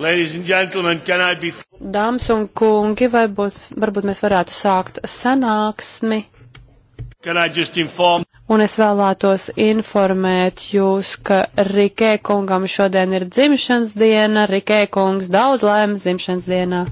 Be... Dāmas un kungi, varbūt, varbūt mēs varētu sākt sanāksmi. Un es vēlētos informēt jūs, ka Rikē kungam šodien ir dzimšanas diena. Rikē kungs daudz laimes dzimšanas dienā.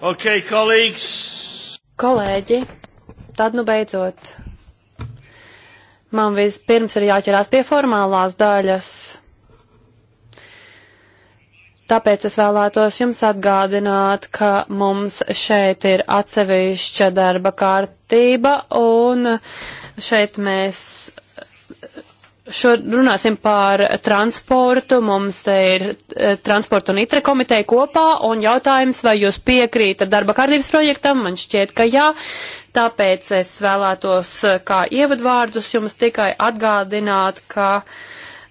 Ok, kolēģis. Kolēģi, tad nu beidzot. Man vispirms ir jāķerās pie formālās daļas. Tāpēc es vēlētos jums atgādināt, ka mums šeit ir atsevišķa darba kārtība un šeit mēs Šo runāsim par transportu. Mums te ir e, transporta un itre komiteja kopā un jautājums, vai jūs piekrītat darba kārtības projektam? Man šķiet, ka jā. Tāpēc es vēlētos e, kā ievadvārdus jums tikai atgādināt, ka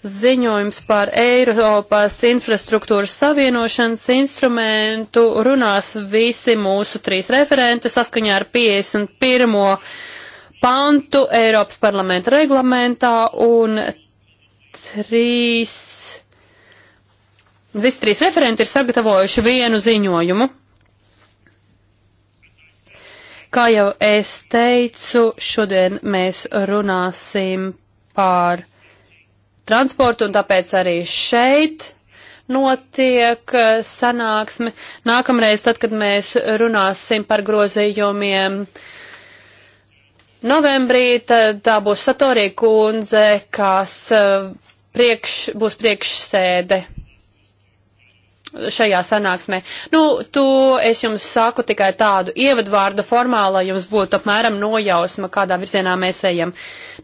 ziņojums par Eiropas infrastruktūras savienošanas instrumentu runās visi mūsu trīs referenti saskaņā ar 51 pantu Eiropas parlamenta reglamentā un trīs, visi trīs referenti ir sagatavojuši vienu ziņojumu. Kā jau es teicu, šodien mēs runāsim par transportu un tāpēc arī šeit notiek eh, sanāksme. Nākamreiz, tad, kad mēs runāsim par grozījumiem uh, Novembrī tā būs Satorija kundze, kas eh, priekš, būs priekšsēde šajā sanāksmē. Nu, to es jums saku tikai tādu ievadvārdu formā, lai jums būtu apmēram nojausma, kādā virzienā mēs ejam.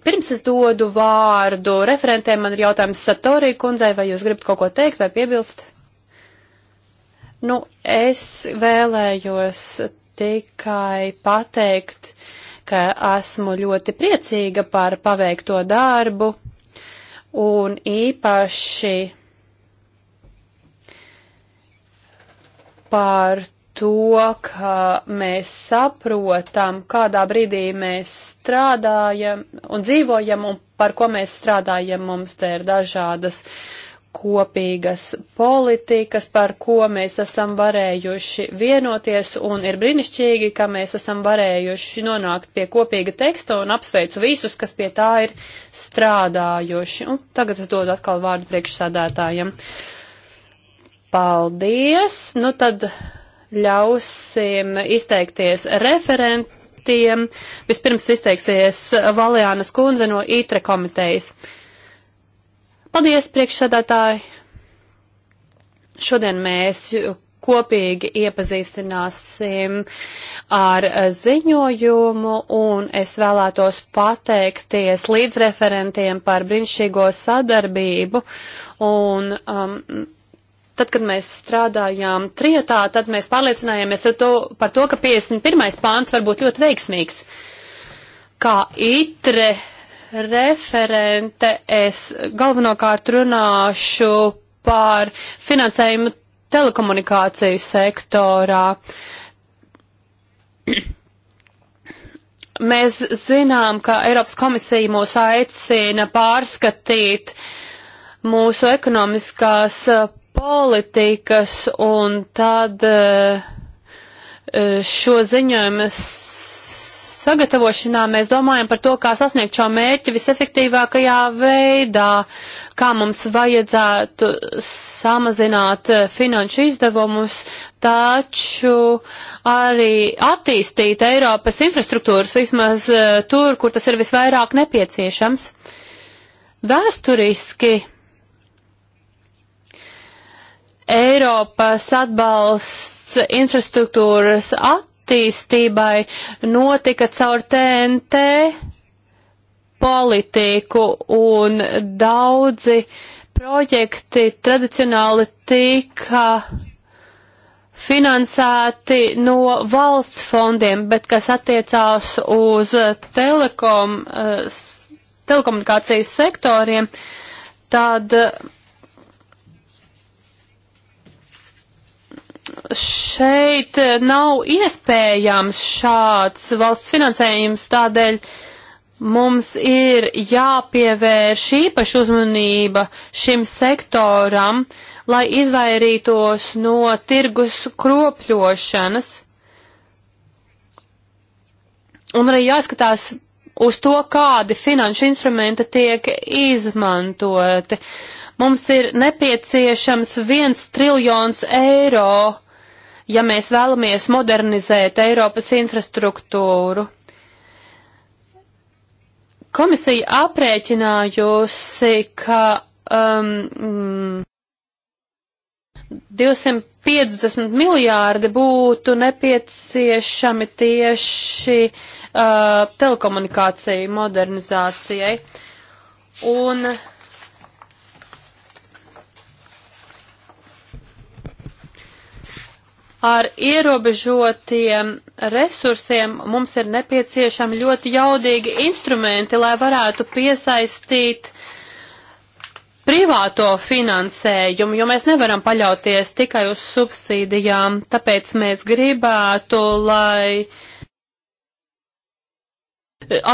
Pirms es dodu vārdu referentēm, man ir jautājums Satorī kundzei, vai jūs gribat kaut ko teikt vai piebilst? Nu, es vēlējos tikai pateikt, uh, ka esmu ļoti priecīga par paveikto darbu un īpaši par to, ka mēs saprotam, kādā brīdī mēs strādājam un dzīvojam un par ko mēs strādājam. Mums te ir dažādas kopīgas politikas, par ko mēs esam varējuši vienoties, un ir brīnišķīgi, ka mēs esam varējuši nonākt pie kopīga teksta, un apsveicu visus, kas pie tā ir strādājuši. Un tagad es dodu atkal vārdu priekšsādātājiem. Paldies! Nu tad ļausim izteikties referentiem. Vispirms izteiksies Valjānas kundze no ITRE komitejas. Uh, Paldies, priekšsādātāji! Šodien mēs kopīgi iepazīstināsim ar ziņojumu, un es vēlētos pateikties līdzreferentiem par brīnišķīgo sadarbību. Un, um, Tad, kad mēs strādājām trijotā, tad mēs pārliecinājāmies ar to, par to, ka 51. pāns var būt ļoti veiksmīgs. Kā itre referente, es galvenokārt runāšu par finansējumu telekomunikāciju sektorā. Mēs zinām, ka Eiropas komisija mūs aicina pārskatīt mūsu ekonomiskās eh, politikas, un tad eh, eh, šo ziņojumu es sagatavošanā mēs domājam par to, kā sasniegt šo mērķi visefektīvākajā veidā, kā mums vajadzētu samazināt finanšu izdevumus, taču arī attīstīt Eiropas infrastruktūras vismaz eh, tur, kur tas ir visvairāk nepieciešams. Vēsturiski Eiropas atbalsts infrastruktūras attīstīt attīstībai notika caur TNT politiku un daudzi projekti tradicionāli tika finansēti no valsts fondiem, bet kas attiecās uz telekom, eh, telekomunikācijas sektoriem, tad uh, šeit eh, nav iespējams šāds valsts finansējums, tādēļ mums ir jāpievērš īpaši uzmanība šim sektoram, lai izvairītos no tirgus kropļošanas. Un arī jāskatās uz to, kādi finanšu instrumenti tiek izmantoti. Uh, Mums ir nepieciešams viens triljons eiro, ja mēs vēlamies modernizēt Eiropas infrastruktūru. Komisija aprēķinājusi, ka um, 250 mm, miljārdi būtu nepieciešami tieši uh, telekomunikāciju modernizācijai. Un uh, ar ierobežotiem resursiem mums ir nepieciešami ļoti jaudīgi instrumenti, lai varētu piesaistīt privāto finansējumu, jo mēs nevaram paļauties tikai uz subsīdijām, tāpēc mēs gribētu, lai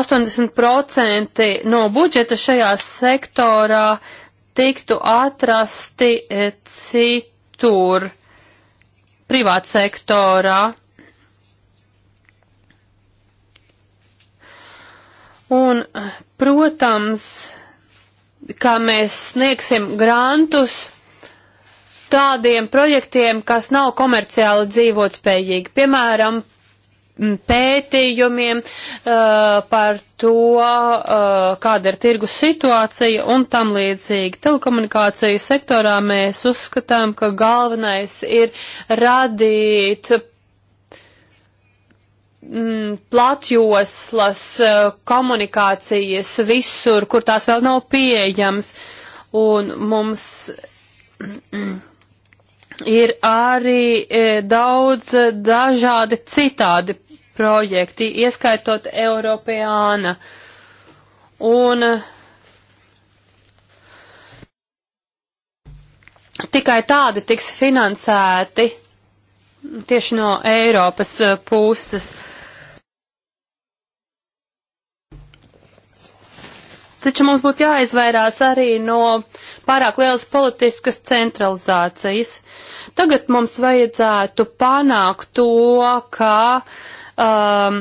80% no budžeta šajā sektorā tiktu atrasti e, citur privātsektorā. Un, protams, kā mēs sniegsim grantus tādiem projektiem, kas nav komerciāli dzīvotspējīgi, piemēram, pētījumiem uh, par to, uh, kāda ir tirgus situācija un tam līdzīgi. Telekomunikāciju sektorā mēs uzskatām, ka galvenais ir radīt mm, platjoslas uh, komunikācijas visur, kur tās vēl nav pieejams. Un mums ir arī e, daudz dažādi citādi projekti, ieskaitot Eiropāna. Un tikai tādi tiks finansēti tieši no Eiropas e, puses. Taču mums būtu jāizvairās arī no pārāk lielas politiskas centralizācijas. Tagad mums vajadzētu panākt to, ka um,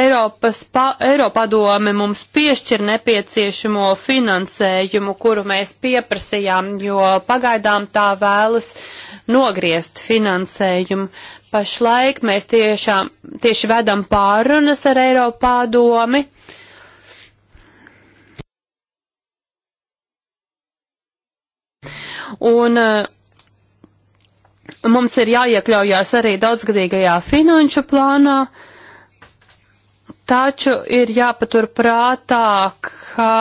Eiropas pa, Eiropadome mums piešķir nepieciešamo finansējumu, kuru mēs pieprasījām, jo pagaidām tā vēlas nogriezt finansējumu. Pašlaik mēs tiešām, tieši vedam pārunas ar Eiropadomi. Uh, Un eh, mums ir jāiekļaujās arī daudzgadīgajā finanšu plānā, taču ir jāpatur prātā, ka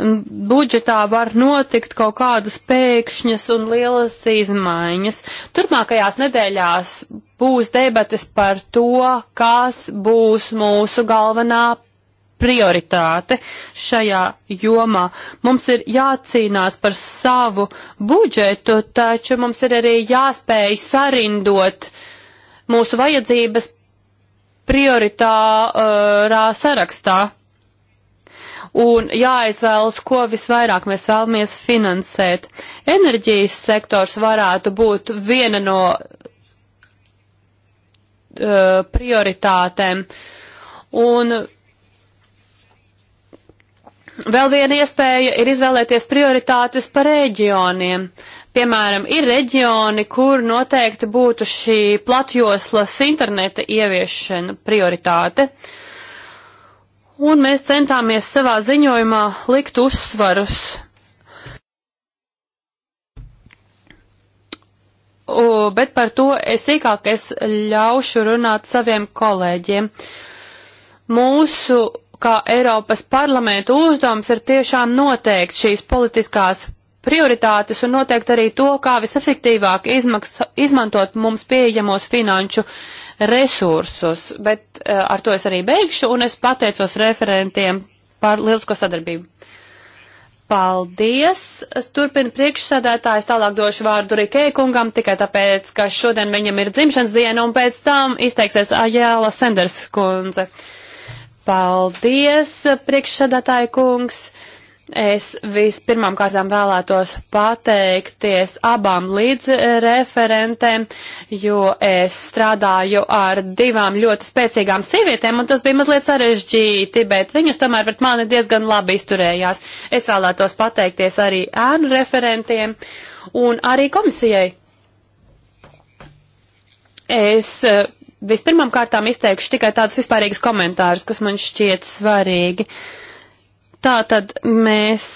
budžetā var notikt kaut kādas pēkšņas un lielas izmaiņas. Turmākajās nedēļās būs debates par to, kas būs mūsu galvenā prioritāte šajā jomā. Mums ir jācīnās par savu budžetu, taču mums ir arī jāspēj sarindot mūsu vajadzības prioritārā uh, sarakstā un jāizvēlas, ko visvairāk mēs vēlamies finansēt. Enerģijas sektors varētu būt viena no uh, prioritātēm. Un Vēl viena iespēja ir izvēlēties prioritātes pa reģioniem. Piemēram, ir reģioni, kur noteikti būtu šī platjoslas interneta ieviešana prioritāte. Un mēs centāmies savā ziņojumā likt uzsvarus U, bet par to es īkāk es ļaušu runāt saviem kolēģiem. Mūsu ka Eiropas parlamenta uzdevums ir tiešām noteikt šīs politiskās prioritātes un noteikt arī to, kā visefektīvāk izmaks, izmantot mums pieejamos finanšu resursus. Bet uh, ar to es arī beigšu un es pateicos referentiem par lielisko sadarbību. Paldies! Es turpinu priekšsādātājs, tālāk došu vārdu Rikē kungam, tikai tāpēc, ka šodien viņam ir dzimšanas diena un pēc tam izteiksies Ajēla Senders kundze. Uh, Paldies, priekšsādātāja kungs! Es vispirmām kārtām vēlētos pateikties abām līdzreferentēm, jo es strādāju ar divām ļoti spēcīgām sievietēm, un tas bija mazliet sarežģīti, bet viņas tomēr pret mani diezgan labi izturējās. Es vēlētos pateikties arī ēnu referentiem un arī komisijai. Es eh, Vispirmām kārtām izteikšu tikai tādus vispārīgus komentārus, kas man šķiet svarīgi. Tātad mēs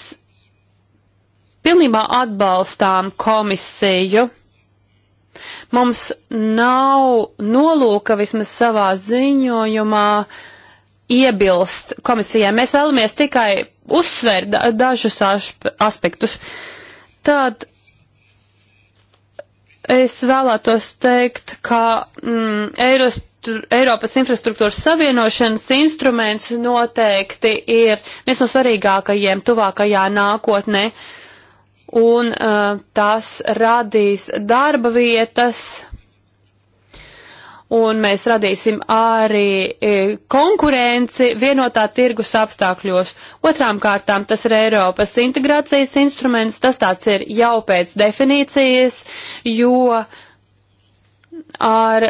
pilnībā atbalstām komisiju. Mums nav nolūka vismaz savā ziņojumā iebilst komisijai. Mēs vēlamies tikai uzsvērt dažus aspektus. Tad Es vēlētos teikt, ka mm, Eiros, Eiropas infrastruktūras savienošanas instruments noteikti ir viens no svarīgākajiem tuvākajā nākotnē, un uh, tas radīs darba vietas un mēs radīsim arī e, konkurenci vienotā tirgus apstākļos. Otrām kārtām tas ir Eiropas integrācijas instruments, tas tāds ir jau pēc definīcijas, jo ar uh, e,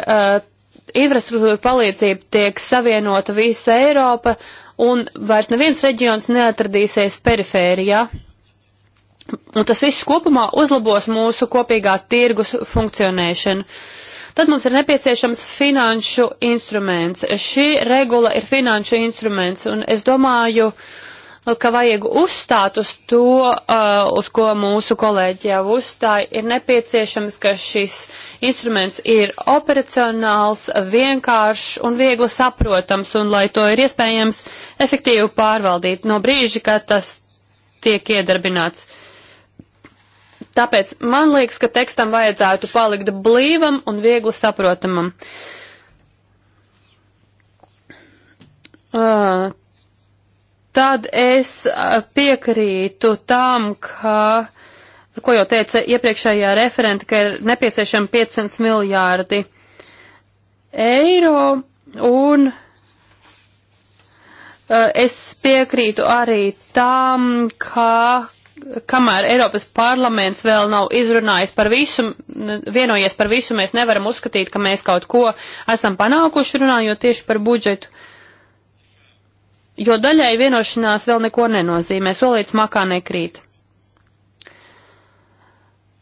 infrastruktūru palīdzību tiek savienota visa Eiropa un vairs neviens reģions neatradīsies perifērijā. Un tas viss kopumā uzlabos mūsu kopīgā tirgus funkcionēšanu. Uh, Tad mums ir nepieciešams finanšu instruments. Šī regula ir finanšu instruments, un es domāju, ka vajag uzstāt uz to, uh, uz ko mūsu kolēģi jau uzstāja, ir nepieciešams, ka šis instruments ir operacionāls, vienkāršs un viegli saprotams, un lai to ir iespējams efektīvi pārvaldīt no brīža, kad tas tiek iedarbināts. Tāpēc man liekas, ka tekstam vajadzētu palikt blīvam un viegli saprotamam. Uh, tad es piekrītu tam, ka, ko jau teica iepriekšējā referenta, ka ir nepieciešami 500 miljārdi eiro, un es piekrītu arī tam, ka kamēr Eiropas parlaments vēl nav izrunājis par visu, vienojies par visu, mēs nevaram uzskatīt, ka mēs kaut ko esam panākuši runājot tieši par budžetu. Jo daļai vienošanās vēl neko nenozīmē, solīts makā nekrīt.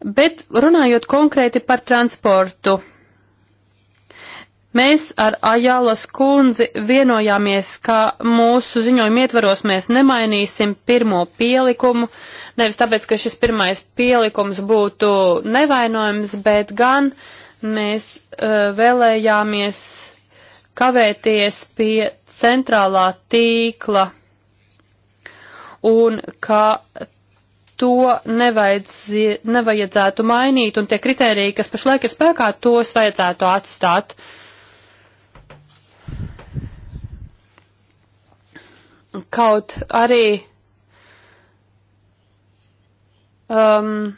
Bet runājot konkrēti par transportu, Mēs ar Ajālas kundzi vienojāmies, ka mūsu ziņojuma ietvaros mēs nemainīsim pirmo pielikumu, nevis tāpēc, ka šis pirmais pielikums būtu nevainojams, bet gan mēs uh, vēlējāmies kavēties pie centrālā tīkla un ka to nevajadzētu mainīt, un tie kriteriji, kas pašlaik ir spēkā, tos vajadzētu atstāt. Uh, kaut arī um,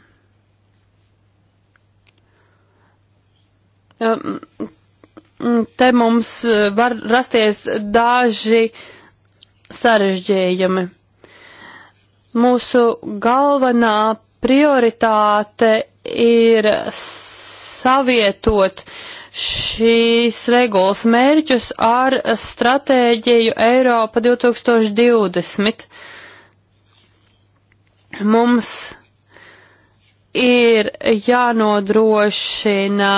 um te mums uh, var rasties daži sarežģījumi. Mūsu galvenā prioritāte ir savietot uh, šīs regulas mērķus ar stratēģiju Eiropa 2020. Mums ir jānodrošina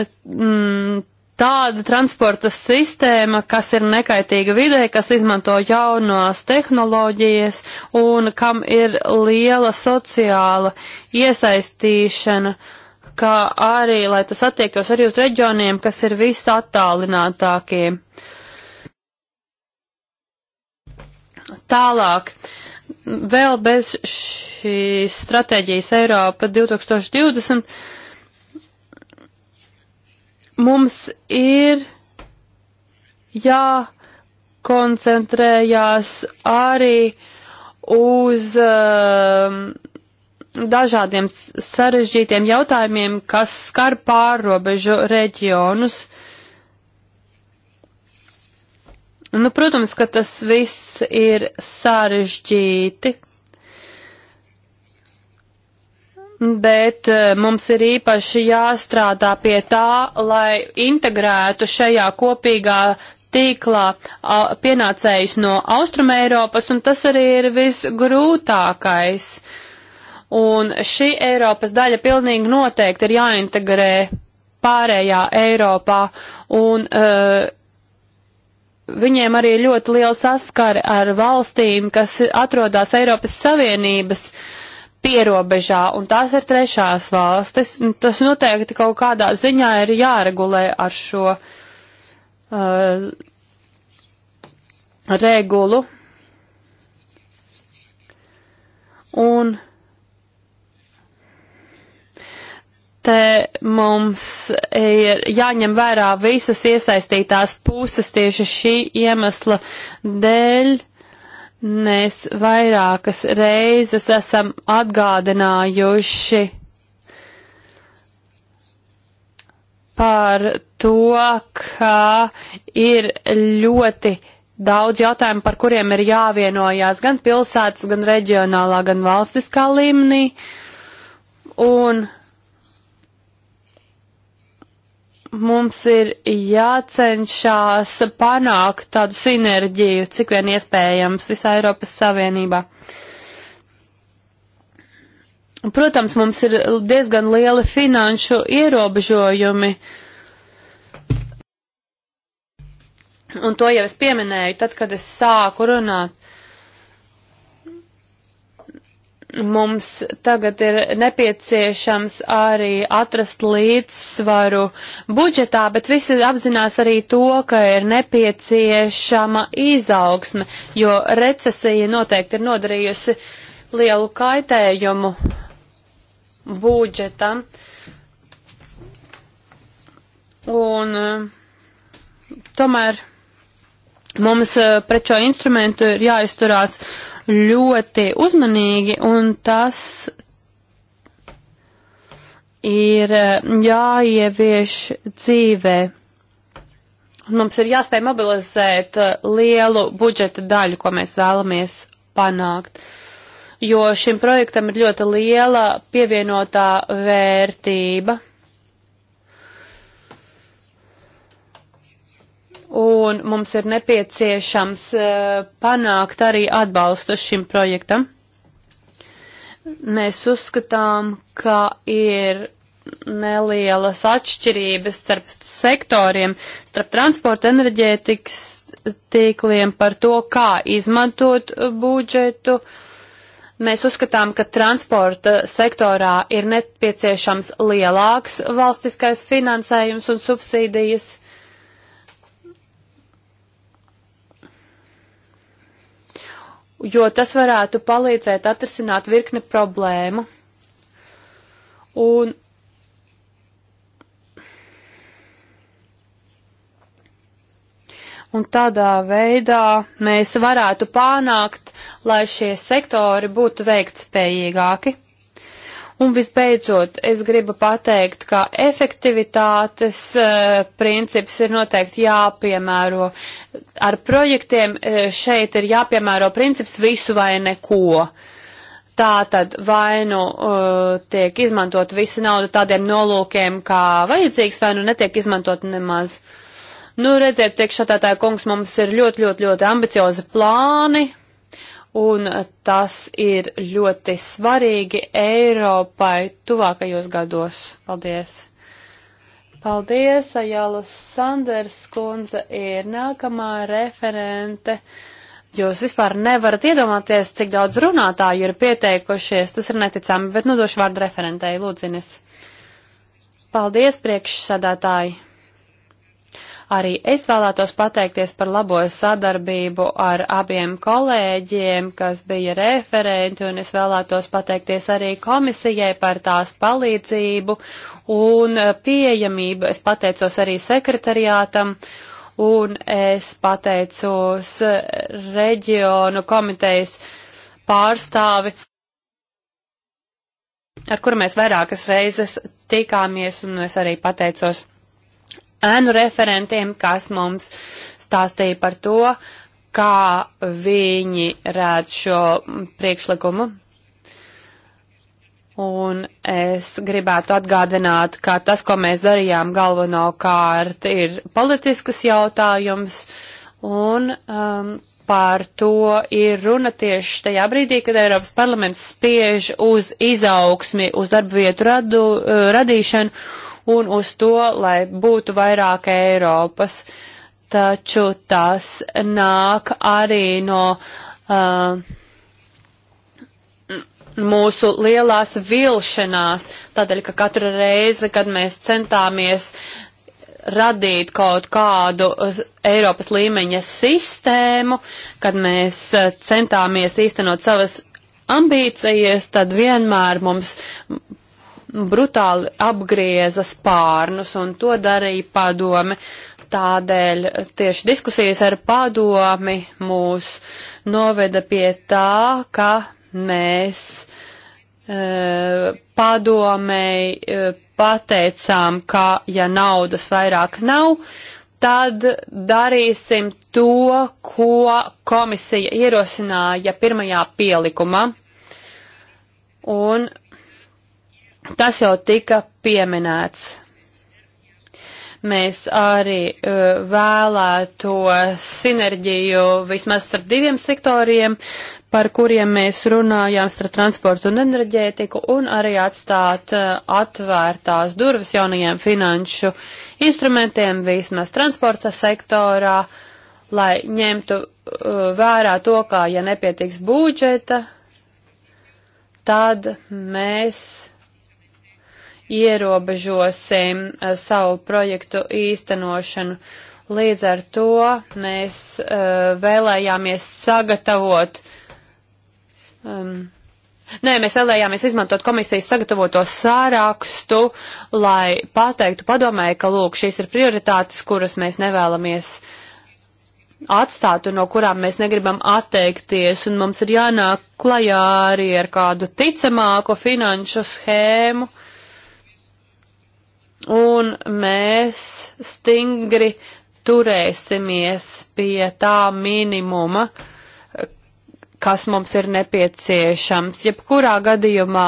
mm, tāda transporta sistēma, kas ir nekaitīga vidē, kas izmanto jaunās tehnoloģijas un kam ir liela sociāla iesaistīšana. Uh, kā arī, lai tas attiektos arī uz reģioniem, kas ir visattālinātākie. Tālāk, vēl bez šīs stratēģijas Eiropa 2020 mums ir jākoncentrējās arī uz um, dažādiem sarežģītiem jautājumiem, kas skar pārrobežu reģionus. Nu, protams, ka tas viss ir sarežģīti, bet eh, mums ir īpaši jāstrādā pie tā, lai integrētu šajā kopīgā tīklā pienācējus no Austrumēropas, un tas arī ir visgrūtākais. Uh, Un šī Eiropas daļa pilnīgi noteikti ir jāintegrē pārējā Eiropā. Un, uh, Viņiem arī ļoti liela saskare ar valstīm, kas atrodas Eiropas Savienības pierobežā, un tās ir trešās valstis. Tas noteikti kaut kādā ziņā ir jāregulē ar šo uh, regulu. Un uh, te mums ir jāņem vērā visas iesaistītās puses tieši šī iemesla dēļ. Mēs vairākas reizes esam atgādinājuši par to, ka ir ļoti daudz jautājumu, par kuriem ir jāvienojās gan pilsētas, gan reģionālā, gan valstiskā līmenī. Un mums ir jācenšas panākt tādu sinerģiju, cik vien iespējams, visā Eiropas Savienībā. Protams, mums ir diezgan lieli finanšu ierobežojumi, un to jau es pieminēju, tad, kad es sāku runāt mums tagad ir nepieciešams arī atrast līdzsvaru budžetā, bet visi apzinās arī to, ka ir nepieciešama izaugsme, jo recesija noteikti ir nodarījusi lielu kaitējumu budžetam. Un eh, tomēr mums eh, pret šo instrumentu ir jāizturās ļoti uzmanīgi, un tas ir eh, jāievieš dzīvē. Un mums ir jāspēj mobilizēt eh, lielu budžeta daļu, ko mēs vēlamies panākt. Jo šim projektam ir ļoti liela pievienotā vērtība. un mums ir nepieciešams eh, panākt arī atbalstu šim projektam. Mēs uzskatām, ka ir nelielas atšķirības starp sektoriem, starp transporta enerģētikas tīkliem par to, kā izmantot budžetu. Mēs uzskatām, ka transporta sektorā ir nepieciešams lielāks valstiskais finansējums un subsīdijas jo tas varētu palīdzēt atrisināt virkni problēmu. Un Un tādā veidā mēs varētu panākt, lai šie sektori būtu veiktspējīgāki. Un visbeidzot, es gribu pateikt, ka efektivitātes uh, princips ir noteikti jāpiemēro. Ar projektiem eh, šeit ir jāpiemēro princips visu vai neko. Tā tad vai nu uh, tiek izmantot visa nauda tādiem nolūkiem, kā vajadzīgs, vai nu netiek izmantot nemaz. Nu, redziet, priekšsatā tā kungs mums ir ļoti, ļoti, ļoti ambiciozi plāni, un tas ir ļoti svarīgi Eiropai tuvākajos gados. Paldies! Paldies, Ajala Sanders kundze ir nākamā referente. Jūs vispār nevarat iedomāties, cik daudz runātāju ir pieteikušies. Tas ir neticami, bet nodošu nu vārdu referentei, Lūdzinis. Paldies, priekšsādātāji. Arī es vēlētos pateikties par labo sadarbību ar abiem kolēģiem, kas bija referenti, un es vēlētos pateikties arī komisijai par tās palīdzību un pieejamību. Es pateicos arī sekretariātam un es pateicos reģionu komitejas pārstāvi, ar kuru mēs vairākas reizes tikāmies, un es arī pateicos ēnu referentiem, kas mums stāstīja par to, kā viņi redz šo priekšlikumu. Un es gribētu atgādināt, ka tas, ko mēs darījām galvenokārt, ir politiskas jautājums, un um, par to ir runa tieši tajā brīdī, kad Eiropas parlaments spiež uz izaugsmi, uz darba vietu radu, uh, radīšanu un uz to, lai būtu vairāk Eiropas. Taču tas nāk arī no uh, mūsu lielās vilšanās, tādēļ, ka katru reizi, kad mēs centāmies radīt kaut kādu Eiropas līmeņa sistēmu, kad mēs uh, centāmies īstenot savas ambīcijas, tad vienmēr mums brutāli apgrieza spārnus, un to darīja padome. Tādēļ tieši diskusijas ar padomi mūs noveda pie tā, ka mēs e, padomei e, pateicām, ka ja naudas vairāk nav, tad darīsim to, ko komisija ierosināja pirmajā pielikumā. Un Tas jau tika pieminēts. Mēs arī uh, vēlēto sinerģiju vismaz starp diviem sektoriem, par kuriem mēs runājām starp transportu un enerģētiku, un arī atstāt uh, atvērtās durvis jaunajiem finanšu instrumentiem vismaz transporta sektorā, lai ņemtu uh, vērā to, kā ja nepietiks budžeta, tad mēs ierobežosim eh, savu projektu īstenošanu. Līdz ar to mēs uh, vēlējāmies sagatavot. Um, Nē, mēs vēlējāmies izmantot komisijas sagatavoto sārakstu, lai pateiktu padomēji, ka lūk, šīs ir prioritātes, kuras mēs nevēlamies atstāt un no kurām mēs negribam atteikties, un mums ir jānāk klajā arī ar kādu ticamāku finanšu schēmu. Uh, un mēs stingri turēsimies pie tā minimuma, kas mums ir nepieciešams. Jebkurā gadījumā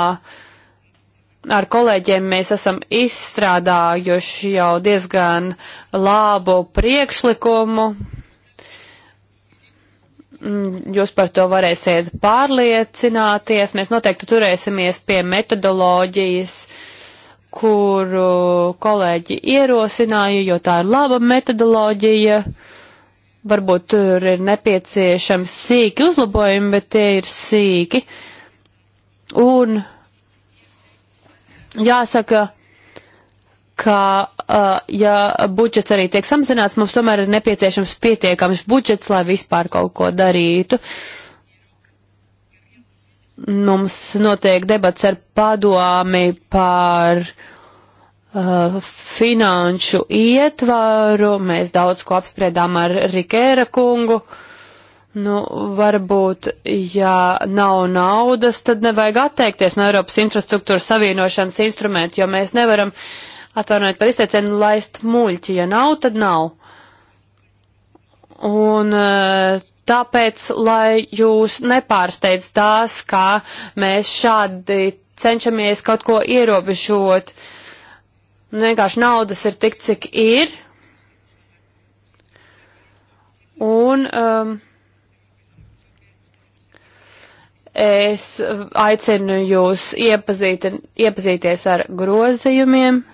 ar kolēģiem mēs esam izstrādājuši jau diezgan labu priekšlikumu. Jūs par to varēsiet pārliecināties. Mēs noteikti turēsimies pie metodoloģijas uh, kuru kolēģi ierosināja, jo tā ir laba metodoloģija. Varbūt tur ir nepieciešams sīki uzlabojumi, bet tie ir sīki. Un jāsaka, ka, uh, ja budžets arī tiek samazināts, mums tomēr ir nepieciešams pietiekams budžets, lai vispār kaut ko darītu. Uh, mums notiek debats ar padomi par uh, finanšu ietvaru. Mēs daudz ko apspriedām ar Rikēra kungu. Nu, varbūt, ja nav naudas, tad nevajag atteikties no Eiropas infrastruktūras savienošanas instrumentu, jo mēs nevaram, atvainojiet par izteicienu, laist muļķi. Ja nav, tad nav. Un uh, Tāpēc, lai jūs nepārsteidz tās, kā mēs šādi cenšamies kaut ko ierobežot, vienkārši naudas ir tik, cik ir. Un um, es aicinu jūs iepazīt, iepazīties ar grozījumiem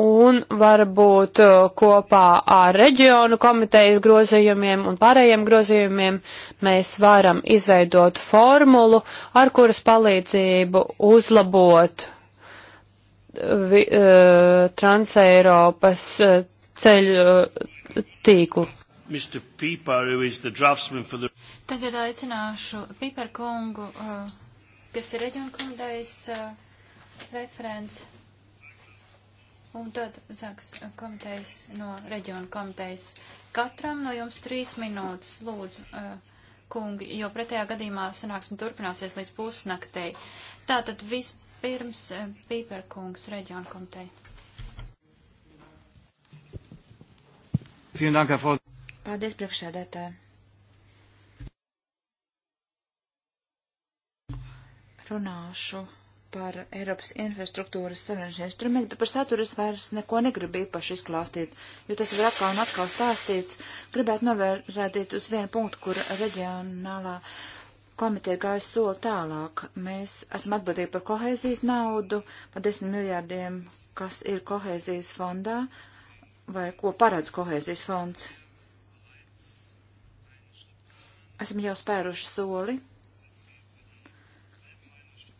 un varbūt uh, kopā ar reģionu komitejas grozījumiem un pārējiem grozījumiem mēs varam izveidot formulu, ar kuras palīdzību uzlabot uh, vi, uh, Transeiropas uh, ceļu uh, tīklu. Pieper, the... Tagad aicināšu Pīper kungu, uh, kas ir reģionu komitejas uh, referents un tad sāks komitejas no reģiona komitejas. Katram no jums trīs minūtes, lūdzu, eh, kungi, jo pretējā gadījumā sanāksme turpināsies līdz pusnaktei. Tātad vispirms eh, Pīperkungs reģiona komiteja. Paldies, priekšsēdētāji. Runāšu par Eiropas infrastruktūras savienošanas instrumentu, bet par saturu es vairs neko negribu īpaši izklāstīt, jo tas ir atkal un atkal stāstīts. Gribētu novērādīt uz vienu punktu, kur reģionālā komiteja gāja soli tālāk. Mēs esam atbildīgi par kohēzijas naudu, par desmit miljārdiem, kas ir kohēzijas fondā, vai ko paredz kohēzijas fonds. Esam jau spēruši soli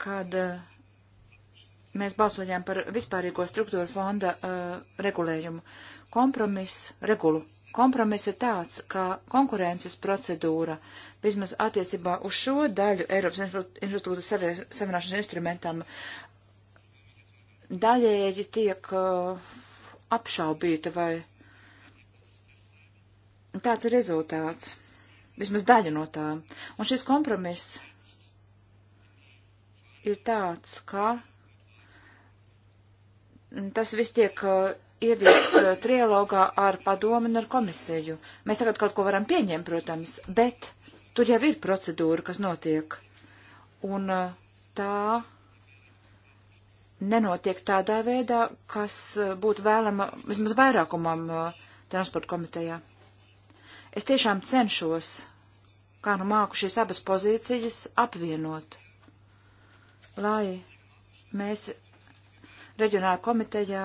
kad uh, mēs balsojām par vispārīgo struktūra fonda uh, regulējumu. Kompromiss, regulu. Kompromiss ir tāds, ka konkurences procedūra, vismaz attiecībā uz šo daļu Eiropas infrastruktūras savienošanas instrumentam, daļēji tiek uh, apšaubīta vai tāds ir rezultāts. Vismaz daļa no tā. Un šis kompromiss ir tāds, ka tas viss tiek uh, ieviests uh, trialogā ar padomu un ar komisiju. Mēs tagad kaut ko varam pieņemt, protams, bet tur jau ir procedūra, kas notiek. Un uh, tā nenotiek tādā veidā, kas būtu vēlama vismaz vairākumam transporta komitejā. Es tiešām cenšos, kā nu māku šīs abas pozīcijas apvienot, lai mēs reģionāla komitejā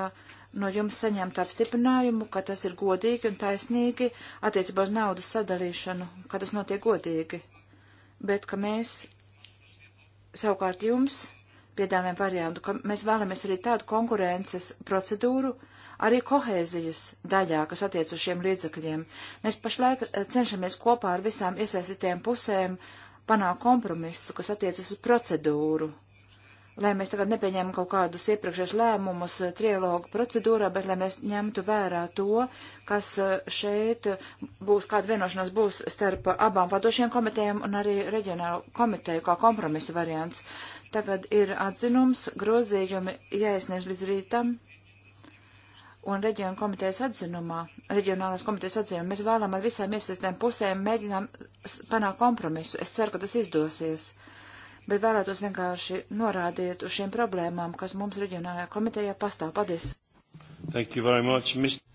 no jums saņemt apstiprinājumu, ka tas ir godīgi un taisnīgi attiecībā uz naudas sadalīšanu, ka tas notiek godīgi, bet ka mēs savukārt jums piedāvājam variantu, ka mēs vēlamies arī tādu konkurences procedūru, arī kohēzijas daļā, kas attiec uz šiem līdzakļiem. Mēs pašlaik eh, cenšamies kopā ar visām iesaistītajām pusēm panākt kompromisu, kas attiecas uz procedūru lai mēs tagad nepieņemam kaut kādus iepriekšējos lēmumus trialogu procedūrā, bet lai mēs ņemtu vērā to, kas uh, šeit būs, kāda vienošanās būs starp abām vadošajām komitejām un arī reģionālu komiteju kā kompromisa variants. Tagad ir atzinums, grozījumi jāiesniedz līdz rītam. Un reģionu komitejas atzinumā, reģionālās komitejas atzinumā, mēs vēlam ar visām iesaistēm pusēm mēģinām panākt kompromisu. Es ceru, ka tas izdosies. Uh, bet vēlētos vienkārši norādīt uz šiem problēmām, kas mums reģionālajā komitejā pastāv. Paldies! Thank you very much, Mr.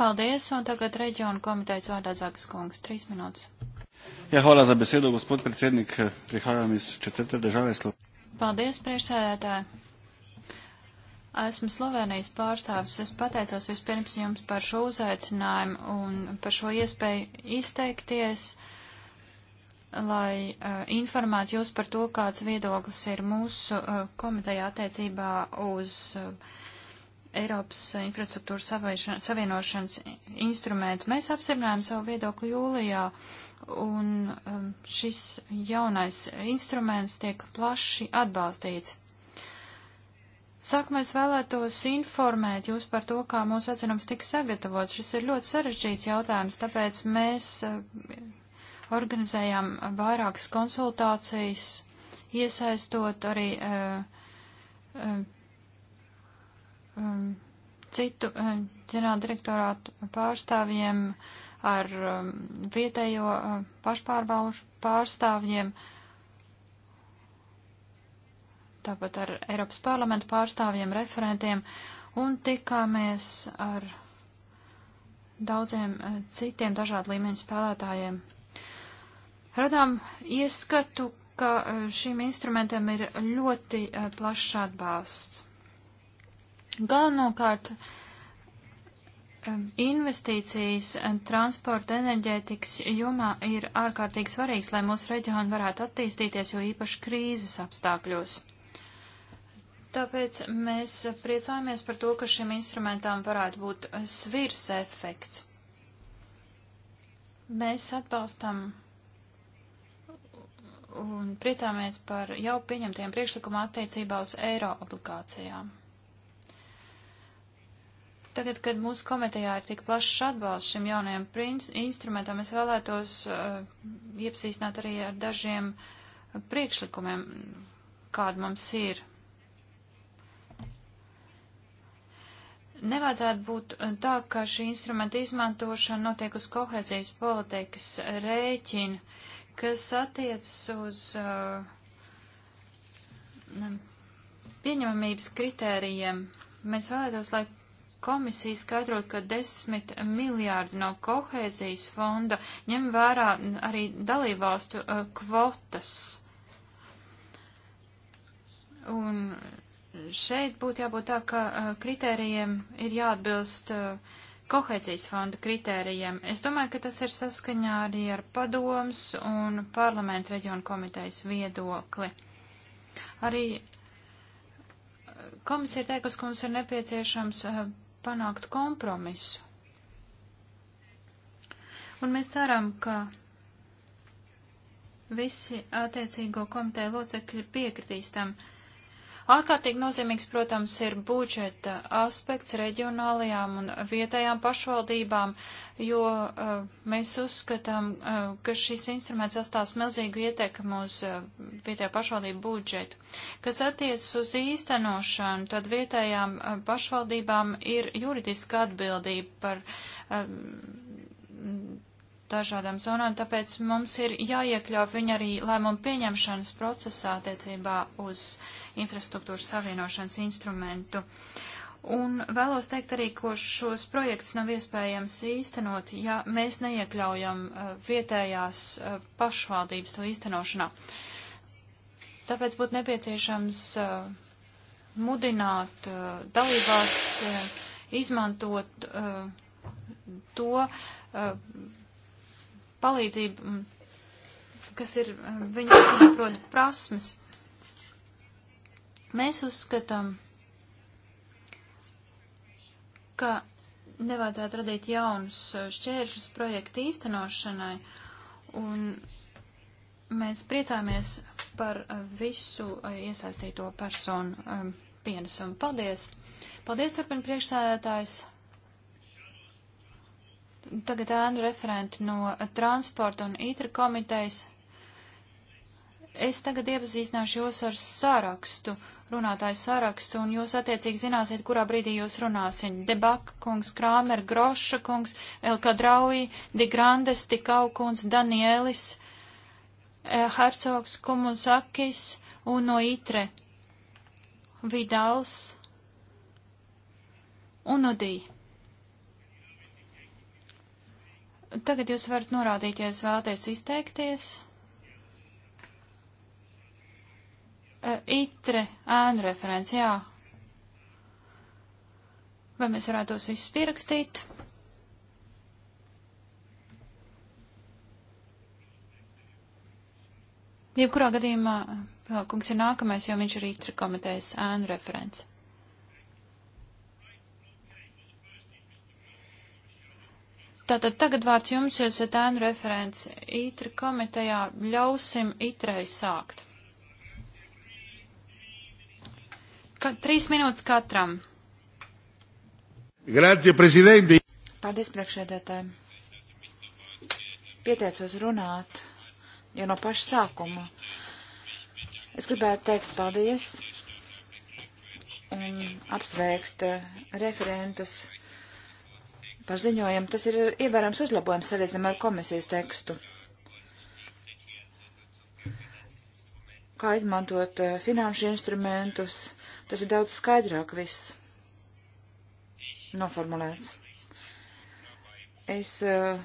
Paldies, un tagad reģiona komitejas vārdā Zagas kungs. Trīs minūtes. Ja, hvala za besedo, gospod predsednik. Prihajam iz četrte države Slovenije. Paldies, priekšsēdētāji. Esmu Slovenijas pārstāvis. Es pateicos vispirms jums par šo uzaicinājumu un par šo iespēju izteikties. Uh, lai uh, informētu jūs par to, kāds viedoklis ir mūsu uh, eh, komiteja attiecībā uz uh, Eiropas infrastruktūras savienošanas instrumentu. Mēs apstiprinājām savu viedokli jūlijā, un um, šis jaunais instruments tiek plaši atbalstīts. Sākumā es vēlētos informēt jūs par to, kā mūsu atzinums tiks sagatavots. Šis ir ļoti sarežģīts jautājums, tāpēc mēs organizējām vairākas konsultācijas, iesaistot arī uh, uh, citu uh, eh, ģenerāla direktorātu pārstāvjiem ar um, vietējo uh, pašpārvaldušu pārstāvjiem, tāpat ar Eiropas parlamentu pārstāvjiem, referentiem, un tikāmies ar daudziem uh, citiem dažādu līmeņu spēlētājiem radām ieskatu, ka eh, šīm instrumentam ir ļoti eh, plašs atbalsts. Galvenokārt eh, investīcijas transporta enerģētikas jomā ir ārkārtīgi svarīgs, lai mūsu reģioni varētu attīstīties, jo īpaši krīzes apstākļos. Tāpēc mēs priecājamies par to, ka šim instrumentam varētu būt svirs efekts. Mēs atbalstam un priecāmies par jau pieņemtajiem priekšlikumu attiecībā uz eiro obligācijām. Tagad, kad mūsu komitejā ir tik plašs atbalsts šim jaunajam instrumentam, es vēlētos uh, iepazīstināt arī ar dažiem priekšlikumiem, kāda mums ir. Nevajadzētu būt uh, tā, ka šī instrumenta izmantošana notiek uz kohēzijas politikas rēķina. Uh, kas attiecas uz uh, pieņemamības kritērijiem, mēs vēlētos, lai komisija skaidrot, ka desmit miljārdi no kohēzijas fonda ņem vērā arī dalībvalstu uh, kvotas. Un šeit būtu jābūt tā, ka uh, kritērijiem ir jāatbilst uh, kohēzijas fonda kritērijiem. Es domāju, ka tas ir saskaņā arī ar padoms un parlamentu reģionu komitejas viedokli. Arī eh, komisija ir teikusi, ka mums ir nepieciešams eh, panākt kompromisu. Un mēs ceram, ka visi attiecīgo komiteju locekļi piekritīs tam. Uh, Ārkārtīgi nozīmīgs, protams, ir budžeta aspekts reģionālajām un vietējām pašvaldībām, jo uh, mēs uzskatām, uh, ka šis instruments atstās milzīgu ietekmu uz uh, vietējā pašvaldību budžetu. Kas attiecas uz īstenošanu, tad vietējām uh, pašvaldībām ir juridiska atbildība par. Uh, dažādām zonām, tāpēc mums ir jāiekļauj viņi arī lēmumu pieņemšanas procesā attiecībā uz infrastruktūras savienošanas instrumentu. Un vēlos teikt arī, ko šos projektus nav iespējams īstenot, ja mēs neiekļaujam eh, vietējās eh, pašvaldības to īstenošanā. Tāpēc būtu nepieciešams eh, mudināt dalībvalsts izmantot to palīdzību, mm, kas ir mm, viņu, proti, prasmes. Mēs uzskatām, ka nevajadzētu radīt jaunus e, šķēršus projektu īstenošanai, un mēs priecāmies par e, visu e, iesaistīto personu pienesumu. Paldies! Paldies, turpina priekšsēdētājs! Tagad ēnu referenti no transporta un itra komitejas. Es tagad iepazīstināšu jūs ar sārakstu, runātāju sārakstu, un jūs attiecīgi zināsiet, kurā brīdī jūs runāsiet. Debaka kungs, Krāmer, Groša kungs, Elka Drauji, Digrandes, Tikau kungs, Danielis, eh, Hercogs, Kumusakis un no itre Vidals un Odija. Tagad jūs varat norādīt, ja jūs vēlaties izteikties. Itre ēnu referents, jā. Vai mēs varētu tos visus pierakstīt? Jebkurā gadījumā kungs ir nākamais, jo viņš ir Itre komitejas ēnu referents. Tātad tagad vārds jums, jūs esat ēnu referents ITRI komitejā, ļausim ITREI sākt. Ka, trīs minūtes katram. Grazie, prezidenti. Paldies, priekšēdētāji. Pieteicos runāt jau no paša sākuma. Es gribētu teikt paldies un apsveikt referentus. Uh, par ziņojumu. Tas ir ievērams uzlabojums salīdzinām ar komisijas tekstu. Kā izmantot eh, finanšu instrumentus, tas ir daudz skaidrāk viss noformulēts. Es eh,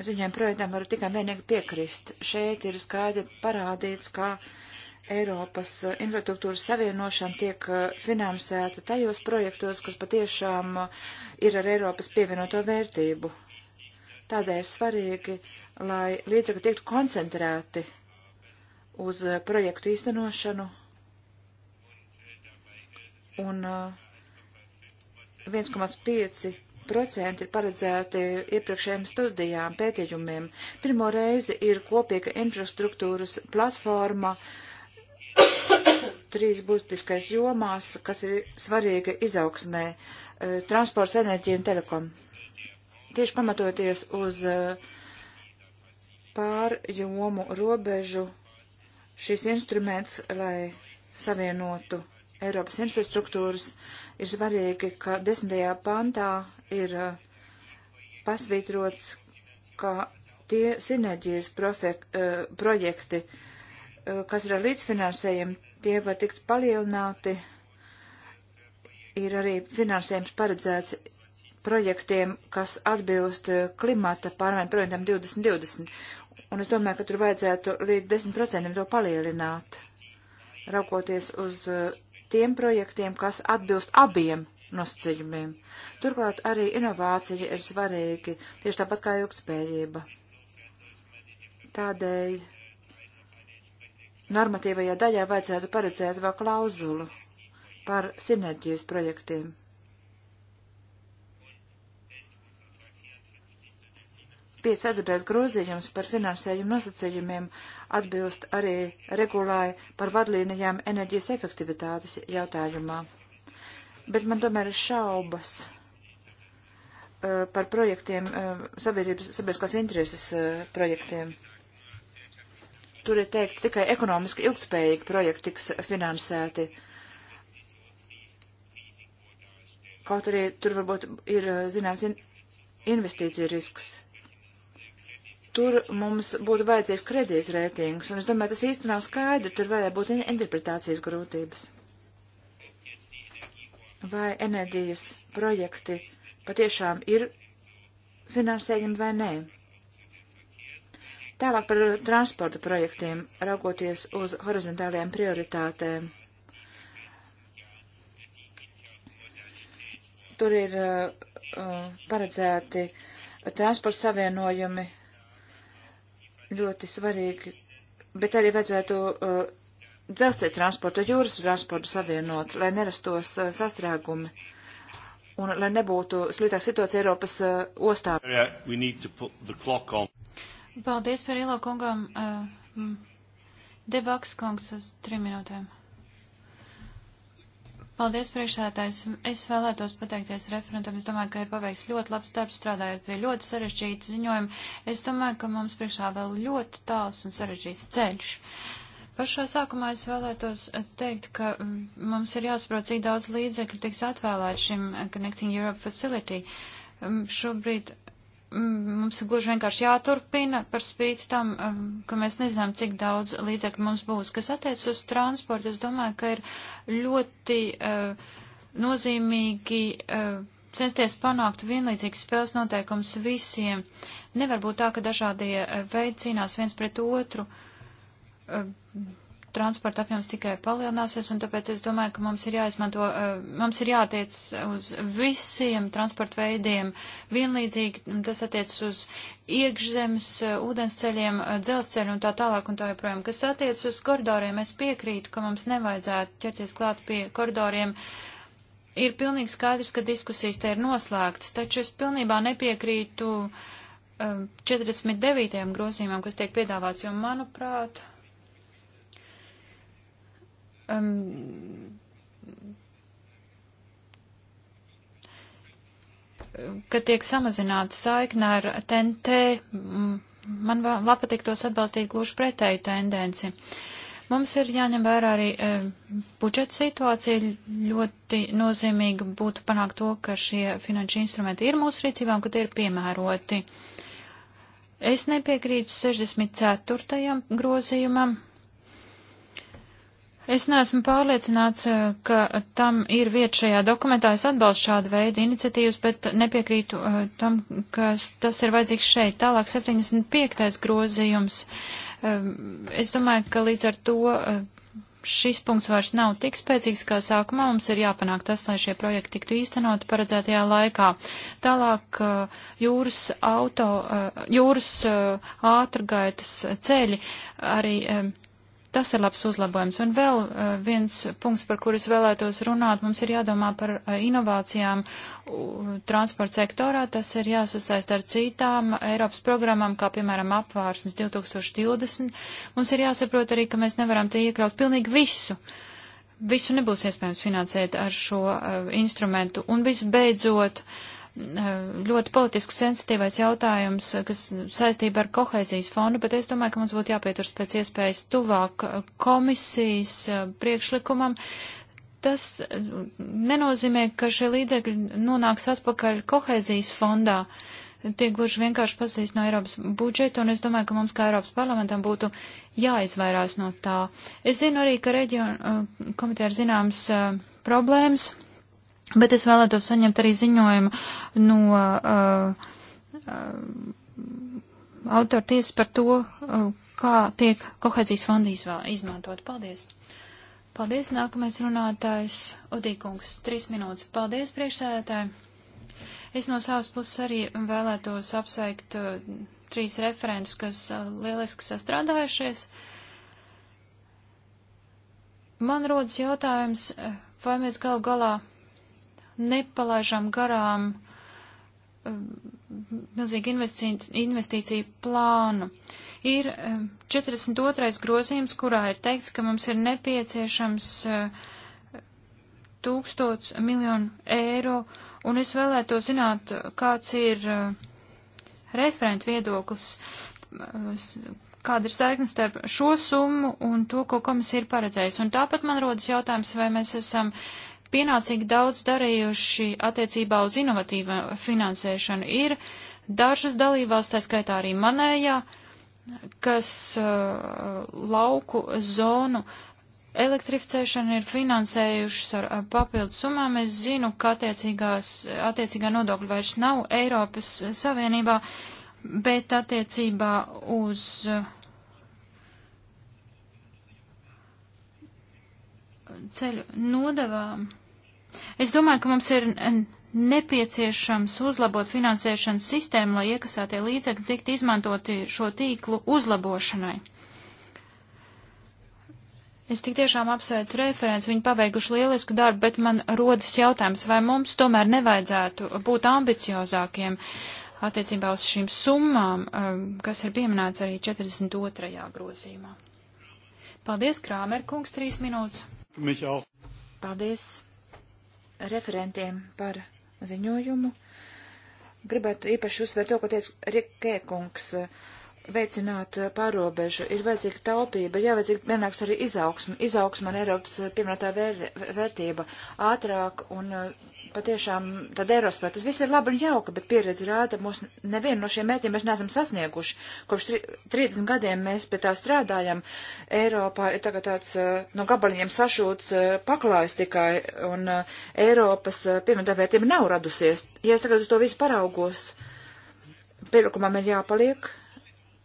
ziņojumu projektam varu tikai vienīgi piekrist. Šeit ir skaidri parādīts, kā. Ka Eiropas eh, infrastruktūras savienošana tiek eh, finansēta tajos projektos, kas patiešām eh, ir ar Eiropas pievienoto vērtību. Tādēļ svarīgi, lai līdzekļi tiktu koncentrēti uz projektu īstenošanu un 1,5 procenti ir paredzēti iepriekšējiem studijām, pētījumiem. Pirmo reizi ir kopīga infrastruktūras platforma uh, trīs būtiskais jomās, kas ir svarīga izaugsmē e, - transports, enerģija un telekom. Tieši pamatoties uz e, pārjomu robežu šis instruments, lai savienotu Eiropas infrastruktūras, ir svarīgi, ka desmitajā pantā ir e, pasvītrots, ka tie sinerģijas profek, projekti, uh, Eh, kas ir ar līdzfinansējumu, tie var tikt palielināti. Ir arī finansējums paredzēts projektiem, kas atbilst eh, klimata pārmaiņu projektam 2020. Un es domāju, ka tur vajadzētu līdz 10% to palielināt, raugoties uz eh, tiem projektiem, kas atbilst abiem nosacījumiem. Turklāt arī inovācija ir svarīga, tieši tāpat kā ilgspējība. Tādēļ normatīvajā daļā vajadzētu paredzēt vēl klauzulu par sinerģijas projektiem. Piecēdurēs grozījums par finansējumu nosacījumiem atbilst arī regulāri par vadlīnijām enerģijas efektivitātes jautājumā. Bet man tomēr ir šaubas uh, par projektiem, uh, sabiedrības, sabiedriskās intereses uh, projektiem. Tur ir teikts tikai ekonomiski ilgspējīgi projekti tiks finansēti. Kaut arī tur varbūt ir, zināms, investīcija risks. Tur mums būtu vajadzīgs kredītreitings, un es domāju, tas īsti nav skaidri, tur varētu būt interpretācijas grūtības. Vai enerģijas projekti patiešām ir finansējumi vai nē? Tālāk par transporta projektiem, raugoties uz horizontālajām prioritātēm. Tur ir uh, uh paredzēti transporta savienojumi ļoti svarīgi, bet arī vajadzētu uh, dzelzceļa transportu, jūras transportu savienot, lai nerastos uh, sastrēgumi un lai nebūtu sliktāk situācija Eiropas uh, ostā. Yeah, Paldies par Ilo kungam. Eh, debaks kungs uz trim minūtēm. Paldies, priekšsētājs. Es vēlētos pateikties referentam. Es domāju, ka ir paveikts ļoti labs darbs strādājot pie ļoti sarežģīta ziņojuma. Es domāju, ka mums priekšā vēl ļoti tāls un sarežģīts ceļš. Pašā sākumā es vēlētos teikt, ka mums ir jāsaprot, cik daudz līdzekļu tiks atvēlēt šim Connecting Europe Facility. Šobrīd Mm, mums gluži vienkārši jāturpina par spīti tam, um, ka mēs nezinām, cik daudz līdzekļu mums būs. Kas attiecas uz transportu, es domāju, ka ir ļoti uh, nozīmīgi uh, censties panākt vienlīdzīgas spēles noteikums visiem. Nevar būt tā, ka dažādie uh, veidi cīnās viens pret otru. Uh, transporta apjoms tikai palielināsies, un tāpēc es domāju, ka mums ir jāizmanto, eh, mums ir jātiec uz visiem transporta veidiem vienlīdzīgi, tas attiec uz iekšzemes, eh, ūdensceļiem, eh, dzelzceļu un tā tālāk un tā joprojām. Kas attiec uz koridoriem, es piekrītu, ka mums nevajadzētu ķerties klāt pie koridoriem. Ir pilnīgi skaidrs, ka diskusijas te ir noslēgtas, taču es pilnībā nepiekrītu 49. grozījumam, kas tiek piedāvāts, jo, manuprāt, um, ka tiek samazināta saikne ar TNT, man labpatiktos atbalstīt gluži pretēju tendenci. Mums ir jāņem vērā arī e, budžeta situācija. Ļoti nozīmīgi būtu panākt to, ka šie finanšu instrumenti ir mūsu rīcībā un ka tie ir piemēroti. Es nepiekrītu 64. grozījumam, Es neesmu pārliecināts, eh, ka tam ir vieta šajā dokumentā. Es atbalstu šādu veidu iniciatīvas, bet nepiekrītu uh, tam, ka tas ir vajadzīgs šeit. Tālāk 75. grozījums. Uh, es domāju, ka līdz ar to uh, šis punkts vairs nav tik spēcīgs, kā sākumā mums ir jāpanāk tas, lai šie projekti tiktu īstenoti paredzētajā laikā. Tālāk jūras auto, jūras ātrgaitas ceļi arī ehm, Tas ir labs uzlabojums. Un vēl eh, viens punkts, par kur es vēlētos runāt, mums ir jādomā par eh, inovācijām transporta sektorā. Tas ir jāsasaist ar citām eh, Eiropas programmām, kā piemēram apvārsnes 2020. Mums ir jāsaprot arī, ka mēs nevaram te iekļaut pilnīgi visu. Visu nebūs iespējams finansēt ar šo uh, instrumentu. Un visbeidzot, uh, Eh, ļoti politiski sensitīvais jautājums, eh, kas saistība ar kohēzijas fondu, bet es domāju, ka mums būtu jāpieturas pēc iespējas tuvāk eh, komisijas priekšlikumam. Tas nenozīmē, ka šie līdzekļi nonāks atpakaļ kohēzijas fondā. Tie gluži vienkārši pasīs no Eiropas budžeta, un es domāju, ka mums kā Eiropas parlamentam būtu jāizvairās no tā. Es zinu arī, ka reģionu komiteja ir zināms problēmas Bet es vēlētos saņemt arī ziņojumu no uh, uh, autora tiesas par to, uh, kā tiek kohezijas fondi izmantot. Paldies! Paldies, nākamais runātājs Odīkungs. Trīs minūtes. Paldies, priekšsēdētāji. Es no savas puses arī vēlētos apsveikt uh, trīs referentus, kas uh, lieliski sastrādājušies. Man rodas jautājums, uh, vai mēs gal galā nepalaižam garām um, milzīgu investīciju plānu. Ir 42. Um, grozījums, kurā ir teikts, ka mums ir nepieciešams uh, tūkstots miljonu eiro, un es vēlētu zināt, kāds ir uh, referent viedoklis, uh, kāda ir saikne starp šo summu un to, ko komisija ir paredzējusi. Un tāpat man rodas jautājums, vai mēs esam pienācīgi daudz darījuši attiecībā uz inovatīvu finansēšanu. Ir dažas dalībās, tā skaitā arī manējā, kas uh, lauku zonu elektrificēšanu ir finansējušas ar, ar papildu summām. Es zinu, ka attiecīgā nodokļa vairs nav Eiropas Savienībā, bet attiecībā uz. Uh, ceļu nodavām Es domāju, ka mums ir nepieciešams uzlabot finansēšanas sistēmu, lai iekasētie līdzekļi tiktu izmantoti šo tīklu uzlabošanai. Es tik tiešām apsveicu referents, viņi paveikuši lielisku darbu, bet man rodas jautājums, vai mums tomēr nevajadzētu būt ambiciozākiem attiecībā uz šīm summām, um, kas ir pieminēts arī 42. grozījumā. Paldies, Krāmer kungs, trīs minūtes. Paldies referentiem par ziņojumu. Gribētu īpaši uzsvērt to, ko teica Rikē kungs. Veicināt pārobežu ir vajadzīga taupība, ir jāvajadzīga vienāks arī izaugsme. Izaugsme ir Eiropas eh, pievienotā vēr, vērtība ātrāk un eh, patiešām tad Eirospēt, tas viss ir labi un jauka, bet pieredze rāda, mūs nevienu no šiem mērķiem mēs neesam sasnieguši. Kopš 30 gadiem mēs pie tā strādājam. Eiropā ir tagad tāds eh, no gabaliņiem sašūts eh, paklājs tikai, un eh, Eiropas pieminētāvērtība nav radusies. Ja es tagad uz to visu paraugos, pirkumam ir jāpaliek,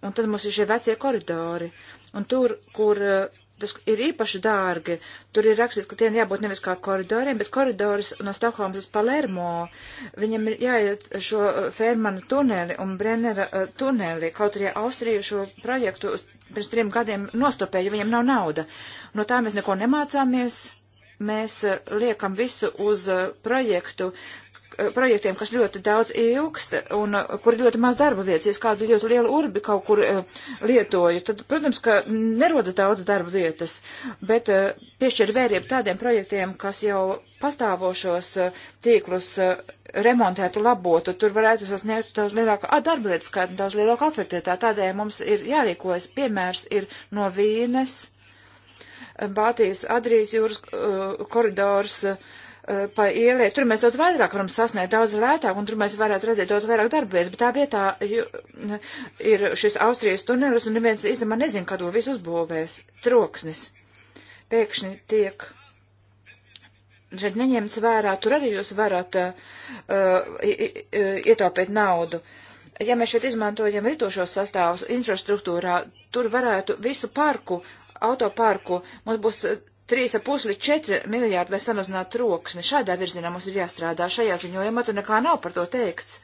un tad mums ir šie vecie koridori. Un tur, kur uh, tas ir īpaši dārgi. Tur ir rakstīts, ka tiem jābūt nevis kā koridoriem, bet koridors no Stokholmas uz Palermo. Viņam ir jāiet šo eh, Fērmanu tuneli un Brennera uh, tuneli, kaut arī Austrija šo projektu pirms trim gadiem nostopēja, jo viņam nav nauda. No tā mēs neko nemācāmies. Mēs uh, liekam visu uz uh, projektu, projektiem, kas ļoti daudz ilgst un uh, kur ļoti maz darba vietas. Ja es kādu ļoti lielu urbi kaut kur uh, lietoju, tad, protams, ka nerodas daudz darba vietas, bet uh, piešķir vērību tādiem projektiem, kas jau pastāvošos tīklus remontētu, labotu, tur varētu sasniegt daudz lielāku darba vietu skaitu, daudz lielāku afektivitāti. Tādēļ mums ir jārīkojas. Piemērs ir no Vīnes. Baltijas Adrijas jūras uh, koridors, uh, Eh, pa ielai, tur mēs daudz vairāk varam sasniegt, daudz lētāk, un tur mēs varētu redzēt daudz vairāk darbības, bet tā vietā jū, ir šis Austrijas tunelis, un neviens īstenībā nezin, kad to visu uzbūvēs. Troksnis pēkšņi tiek. Šeit neņemts vērā, tur arī jūs varat uh, ietaupīt naudu. Ja mēs šeit izmantojam ritošos sastāvus infrastruktūrā, tur varētu visu parku, autoparku, mums būs 3,5 līdz 4 miljārdi, lai samazinātu troksni. Šādā virzienā mums ir jāstrādā. Šajā ziņojumā tur nekā nav par to teikts.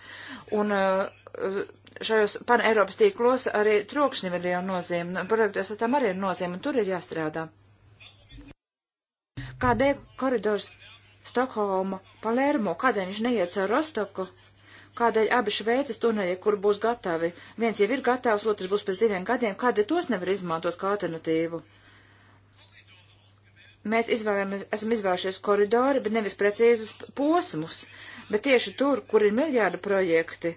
Un uh, šajos pan-Eiropas tīklos arī trokšņiem ir jau nozīme. Projektos tam arī ir nozīme, un tur ir jāstrādā. Kādēļ koridors Stokholma, Palermo, kādēļ viņš neiet caur Rostoku? Kādēļ abi Šveices tuneļi, kur būs gatavi? Viens jau ir gatavs, otrs būs pēc diviem gadiem. Kādēļ tos nevar izmantot kā alternatīvu? Uh, Mēs izvēlēmies, esam izvēlējušies koridori, bet nevis precīzus posmus, bet tieši tur, kur ir miljārdu projekti,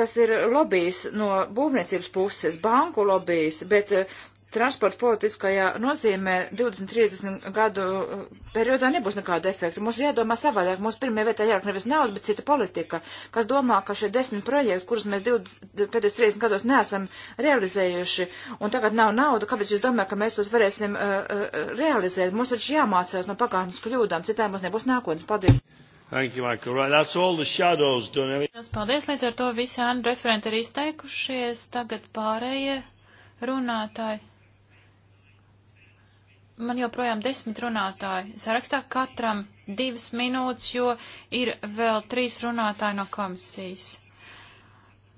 tas ir lobijs no būvniecības puses, banku lobijs, bet transporta politiskajā nozīmē 20-30 gadu uh, periodā nebūs nekāda efekta. Mums jādomā savādāk. Mums pirmie vietā jārāk nevis nauda, bet cita politika, kas domā, ka šie desmit projekti, kurus mēs 20, pēdējos 30 gados neesam realizējuši, un tagad nav nauda, kāpēc jūs domājat, ka mēs tos varēsim uh, uh, realizēt? Mums taču jāmācās no pagātnes kļūdām, citādi mums nebūs nākotnes. Paldies! Thank you, Michael. Right, that's all the shadows done. Paldies, līdz ar to visi ēnu referenti ir izteikušies, tagad pārējie runātāji man joprojām desmit runātāji. Sarakstā katram divas minūtes, jo ir vēl trīs runātāji no komisijas.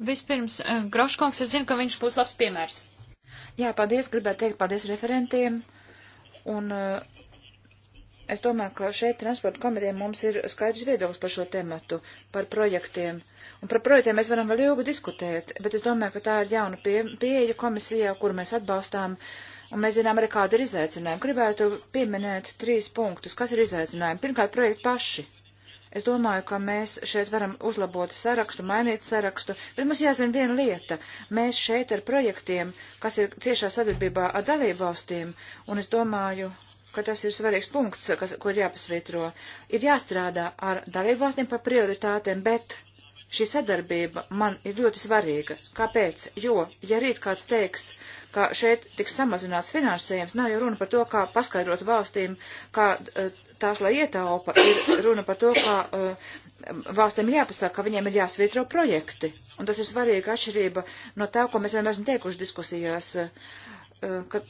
Vispirms, eh, Groškungs, es zinu, ka viņš būs labs piemērs. Jā, paldies, gribētu teikt paldies referentiem. Un uh, es domāju, ka šeit transporta komitē mums ir skaidrs viedoklis par šo tematu, par projektiem. Un par projektiem mēs varam vēl ilgi diskutēt, bet es domāju, ka tā ir jauna pie, pieeja komisijā, kuru mēs atbalstām. Uh, Un mēs zinām arī, kāda ir izaicinājuma. Gribētu pieminēt trīs punktus, kas ir izaicinājumi. Pirmkārt, projekti paši. Es domāju, ka mēs šeit varam uzlabot sarakstu, mainīt sarakstu, bet mums jāzina viena lieta. Mēs šeit ar projektiem, kas ir ciešā sadarbībā ar dalībvalstīm, un es domāju, ka tas ir svarīgs punkts, kas, ko ir jāpasvītro. Ir jāstrādā ar dalībvalstīm par prioritātēm, bet šī sadarbība man ir ļoti svarīga. Kāpēc? Jo, ja rīt kāds teiks, ka šeit tiks samazināts finansējums, nav jau runa par to, kā paskaidrot valstīm, kā eh, tās, lai ietaupa, ir runa par to, kā eh, valstīm ir jāpasaka, ka viņiem ir jāsvītro projekti. Un tas ir svarīga atšķirība no tā, ko mēs vienmēr esam teikuši diskusijās. Uh, ka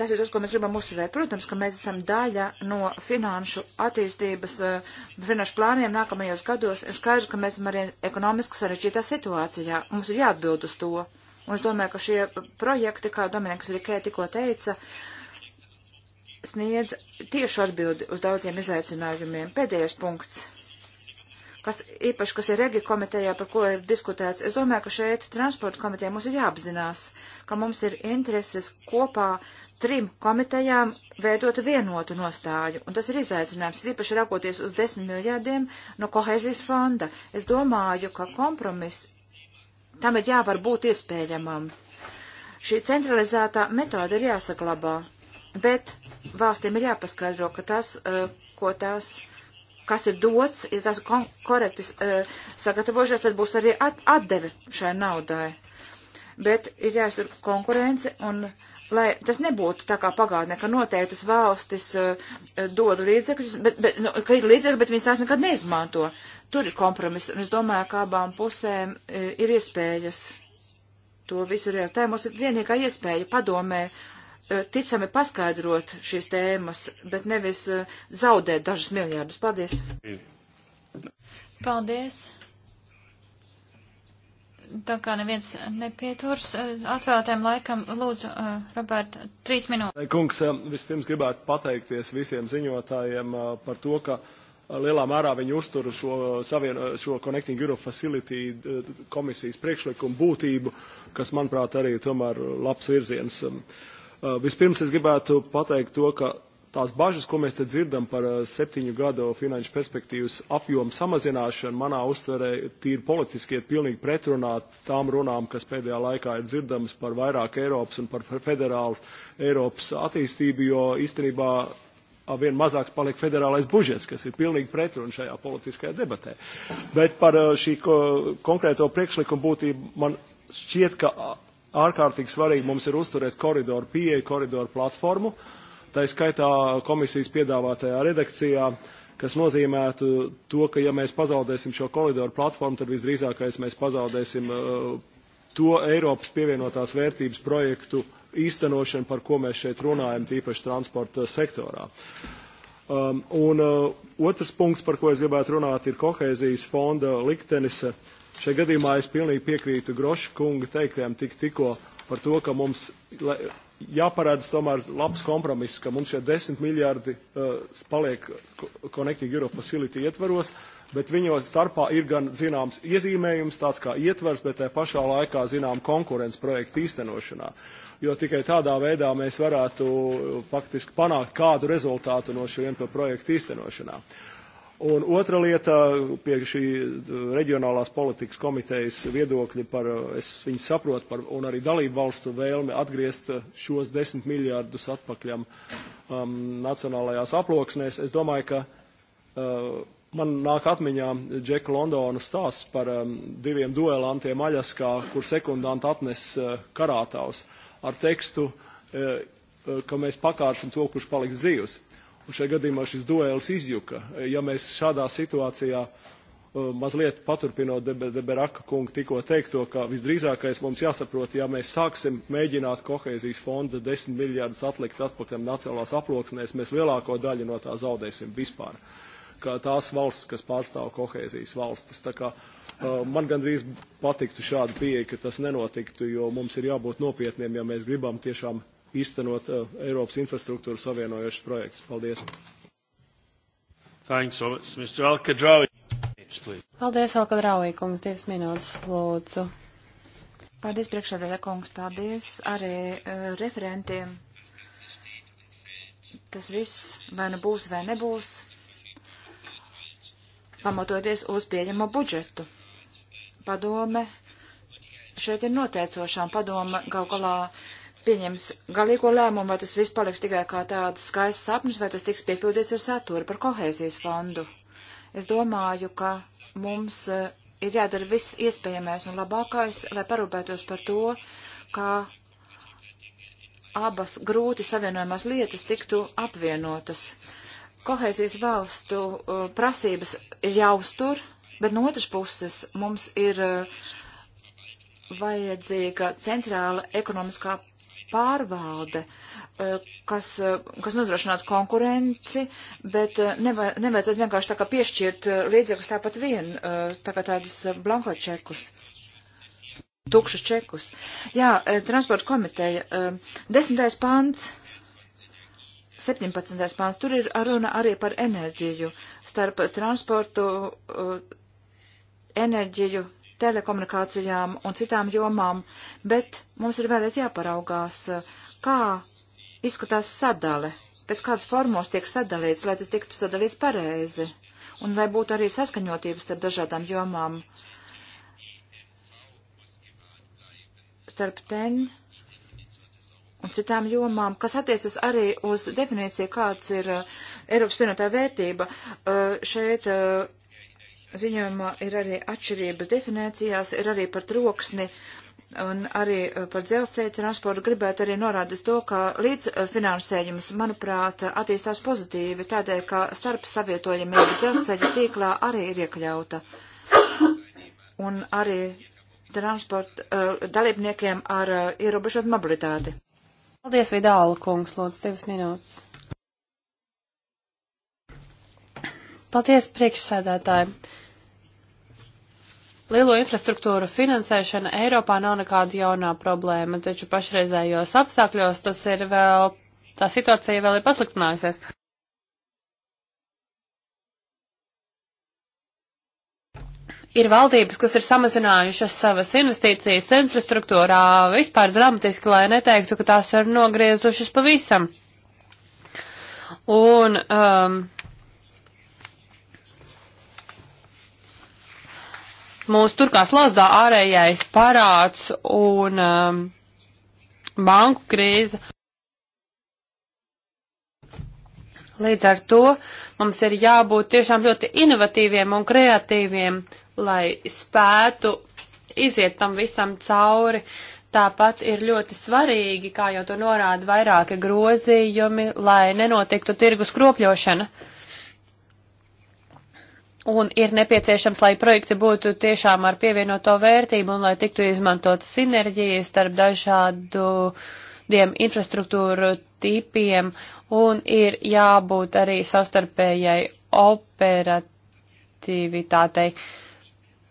tas ir tas, ko mēs gribam uzsvērt. Protams, ka mēs esam daļa no finanšu attīstības, eh, finanšu plāniem nākamajos gados. Ir skaidrs, ka mēs esam arī ekonomiski sarežģītā situācijā. Mums ir jāatbild uz to. Un es domāju, ka šie projekti, kā Dominikas Rikē tikko teica, sniedz tiešu atbildi uz daudziem izaicinājumiem. Pēdējais punkts kas īpaši, kas ir regi komitejā, par ko ir diskutēts. Es domāju, ka šeit transporta komitejā mums ir jāapzinās, ka mums ir intereses kopā trim komitejām veidot vienotu nostāju, un tas ir izaicinājums, īpaši raugoties uz desmit miljārdiem no kohezijas fonda. Es domāju, ka kompromis tam ir jāvar būt iespējamam. Šī centralizētā metode ir jāsaklabā, bet valstīm ir jāpaskaidro, ka tas, eh, ko tās. Uh, kas ir dots, ja tas korekti uh, sagatavojušies, tad būs arī at atdeve šai naudai. Bet ir jāiztur konkurence un. Lai tas nebūtu tā kā pagātnē, ka noteiktas valstis uh, dod līdzekļus, bet, bet, nu, ka ir līdzekļi, bet viņas tās nekad neizmanto. Tur ir kompromiss, un es domāju, ka abām pusēm uh, ir iespējas to visu realizēt. Tā mums ir vienīgā iespēja padomē Eh, ticami paskaidrot šīs tēmas, bet nevis eh, zaudēt dažus miljārdus. Paldies! Paldies! Tā kā neviens nepieturs eh, atvēlētēm laikam, lūdzu, Roberta, trīs minūtes. Kungs, vispirms gribētu pateikties visiem ziņotājiem par to, ka lielā mērā viņi uztur šo, savien, šo Connecting Europe Facility komisijas priekšlikumu būtību, kas, manuprāt, arī tomēr labs virziens. Um, Uh, vispirms es gribētu pateikt to, ka tās bažas, ko mēs te dzirdam par uh, septiņu gadu finanšu perspektīvas apjomu samazināšanu, manā uztverē tīri politiski ir pilnīgi pretrunā tām runām, kas pēdējā laikā ir dzirdamas par vairāk Eiropas un par federālu Eiropas attīstību, jo īstenībā vien mazāks paliek federālais budžets, kas ir pilnīgi pretrun šajā politiskajā debatē. Bet par uh, šī ko, konkrēto priekšlikumu būtību man šķiet, ka ārkārtīgi svarīgi mums ir uzturēt koridoru pieeju, koridoru platformu, tā skaitā komisijas piedāvātajā redakcijā, kas nozīmētu to, ka ja mēs pazaudēsim šo koridoru platformu, tad visdrīzākais mēs pazaudēsim uh, to Eiropas pievienotās vērtības projektu īstenošanu, par ko mēs šeit runājam, tīpaši transporta sektorā. Um, un uh, otrs punkts, par ko es gribētu runāt, ir kohēzijas fonda liktenis. Uh, Šajā gadījumā es pilnīgi piekrītu Groša kunga teiktiem tik, tikko par to, ka mums jāparādz tomēr labs kompromiss, ka mums šie 10 miljardi uh, paliek Connecting Europe Facility ietvaros, bet viņos starpā ir gan zināms iezīmējums, tāds kā ietvers, bet tajā pašā laikā zinām konkurence projektu īstenošanā. Jo tikai tādā veidā mēs varētu uh, faktiski panākt kādu rezultātu no šo projektu īstenošanā. Uh, Un otra lieta pie šī reģionālās politikas komitejas viedokļa par, es viņu saprotu, par, un arī dalību valstu vēlmi atgriezt šos desmit miljārdus atpakaļam um, nacionālajās aploksnēs. Es domāju, ka uh, man nāk atmiņā Džeka Londona stāsts par um, diviem duelantiem Aļaskā, kur sekundanti atnes uh, karātavs ar tekstu, uh, uh, ka mēs pakārsim to, kurš paliks dzīvs. Uh, Un šajā gadījumā šis duēls izjuka. Ja mēs šādā situācijā uh, mazliet paturpinot Deberaka de kungu tikko teikto, ka visdrīzākais mums jāsaprot, ja mēs sāksim mēģināt kohēzijas fonda 10 miljārdus atlikt atpakaļ nacionālās aploksnēs, mēs lielāko daļu no tā zaudēsim vispār. Kā tās valsts, kas pārstāv kohēzijas valstis. Tā kā uh, man gandrīz patiktu šāda pieeja, ka tas nenotiktu, jo mums ir jābūt nopietniem, ja mēs gribam tiešām īstenot uh, Eiropas infrastruktūru savienojošas projekts. Paldies! Thanks, Roberts. Mr. Alkadrawi. Paldies, Alkadrawi, kungs, divas minūtes, lūdzu. Paldies, priekšsēdētāj, kungs, paldies arī uh, referentiem. Tas viss vai nu būs, vai nebūs, pamatoties uz pieņemo budžetu. Padome šeit ir noteicošām padoma gal galā. Uh, pieņems galīgo lēmumu, vai tas viss paliks tikai kā tāds skaists sapnis, vai tas tiks piepildīts ar saturu par kohēzijas fondu. Es domāju, ka mums eh, ir jādara viss iespējamais un labākais, lai parūpētos par to, ka abas grūti savienojamās lietas tiktu apvienotas. Kohēzijas valstu uh, prasības ir jāuztur, bet no otras puses mums ir uh, vajadzīga centrāla ekonomiskā pārvalde, eh, kas, eh, kas nodrošinātu konkurenci, bet eh, neva, nevajadzētu vienkārši tā kā piešķirt līdzekļus tāpat vien, tā kā tādus blanko čekus. Tukšus čekus. Jā, transporta komiteja. Desmitais pants. 17. pāns, tur ir runa arī par enerģiju, starp transportu, enerģiju telekomunikācijām un citām jomām, bet mums ir vēlreiz jāparaugās, kā izskatās sadale, pēc kādas formos tiek sadalīts, lai tas tiktu sadalīts pareizi, un lai būtu arī saskaņotības starp dažādām jomām. Starp ten un citām jomām, kas attiecas arī uz definīciju, kāds ir uh, Eiropas pienotā vērtība. Uh, šeit uh, ziņojumā ir arī atšķirības definīcijās, ir arī par troksni un arī eh, par dzelzceļa transportu gribētu arī norādīt to, ka līdzfinansējums, manuprāt, attīstās pozitīvi, tādēļ, ka starp savietojamība dzelzceļa tīklā arī ir iekļauta. Un arī transporta eh, dalībniekiem ar eh, ierobežotu mobilitāti. Paldies, Vidāla kungs, lūdzu, divas minūtes. Paldies, priekšsēdētāji. Lielo infrastruktūru finansēšana Eiropā nav nekāda jaunā problēma, taču pašreizējos apstākļos tas ir vēl, tā situācija vēl ir pasliktinājusies. Ir valdības, kas ir samazinājušas savas investīcijas infrastruktūrā vispār dramatiski, lai neteiktu, ka tās ir nogriezušas pavisam. Un um, mūsu tur kā slazdā ārējais parāds un um, banku krīze. Līdz ar to mums ir jābūt tiešām ļoti inovatīviem un kreatīviem, lai spētu iziet tam visam cauri. Tāpat ir ļoti svarīgi, kā jau to norāda vairāki grozījumi, lai nenotiktu tirgus kropļošana. Uh, un ir nepieciešams, lai projekti būtu tiešām ar pievienoto vērtību un lai tiktu izmantot sinerģijas starp dažādiem infrastruktūru tipiem un ir jābūt arī savstarpējai operatīvitātei.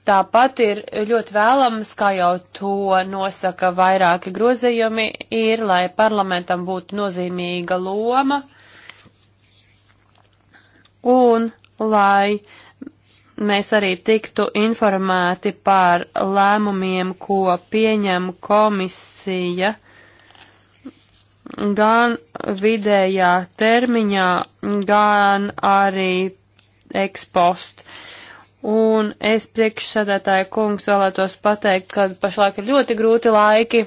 Tāpat ir ļoti vēlams, kā jau to nosaka vairāki grozījumi, ir, lai parlamentam būtu nozīmīga loma un lai uh, mēs arī tiktu informēti par lēmumiem, ko pieņem komisija gan vidējā termiņā, gan arī ekspost. Un es priekšsēdētāju kungs vēlētos pateikt, ka pašlaik ir ļoti grūti laiki,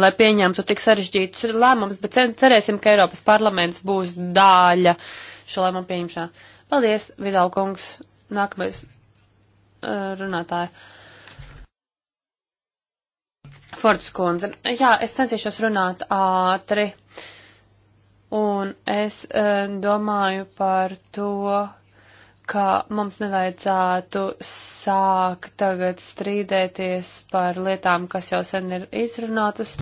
lai pieņemtu tik sarežģītus lēmumus, bet cerēsim, ka Eiropas parlaments būs dāļa šo lēmumu pieņemšanā. Paldies, Vidal kungs! Nākamais uh, runātāja. Fords kundze. Jā, es centīšos runāt ātri. Un es uh, domāju par to, ka mums nevajadzētu sākt tagad strīdēties par lietām, kas jau sen ir izrunātas.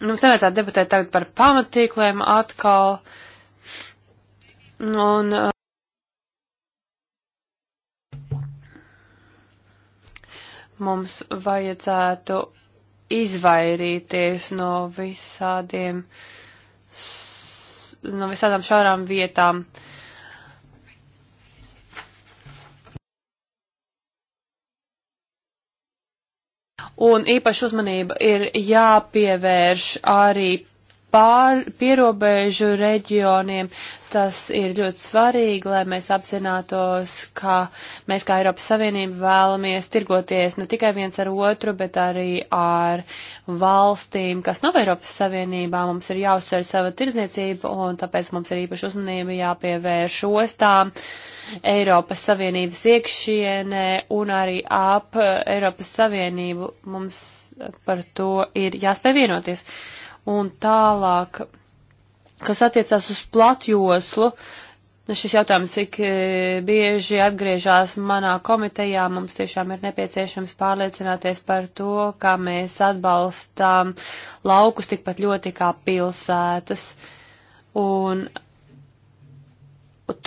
Mums nevajadzētu debatēt tagad par pamatīkliem atkal. Un, uh, Mums vajadzētu izvairīties no visādiem, no visādām šārām vietām. Uh, un īpaši uzmanība ir jāpievērš arī pār pierobežu reģioniem. Tas ir ļoti svarīgi, lai mēs apzinātos, ka mēs kā Eiropas Savienība vēlamies tirgoties ne tikai viens ar otru, bet arī ar valstīm, kas nav Eiropas Savienībā. Mums ir jāuzsver sava tirdzniecība, un tāpēc mums ir īpaši uzmanība jāpievērš ostām Eiropas Savienības iekšienē un arī ap Eiropas Savienību. Mums par to ir jāspēj vienoties. Uh, Un tālāk, kas attiecās uz platjoslu, nu, šis jautājums, cik e, bieži atgriežās manā komitejā, mums tiešām ir nepieciešams pārliecināties par to, kā mēs atbalstām laukus tikpat ļoti kā pilsētas. Un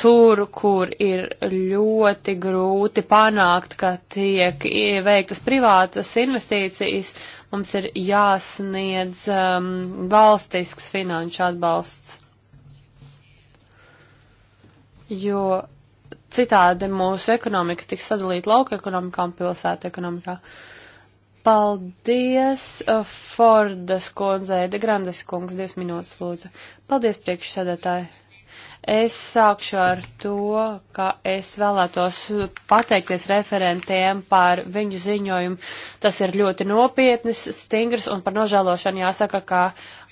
tur, kur ir ļoti grūti panākt, ka tiek veiktas privātas investīcijas, mums ir jāsniedz um, valstisks finanšu atbalsts. Jo citādi mūsu ekonomika tiks sadalīta lauka ekonomikā un pilsētu ekonomikā. Paldies, uh, Fordas kundzei, Degrandes kungs, divas minūtes lūdzu. Paldies priekšsēdētāji. Es sākšu ar to, ka es vēlētos pateikties referentiem par viņu ziņojumu. Tas ir ļoti nopietnis, stingrs un par nožēlošanu jāsaka, ka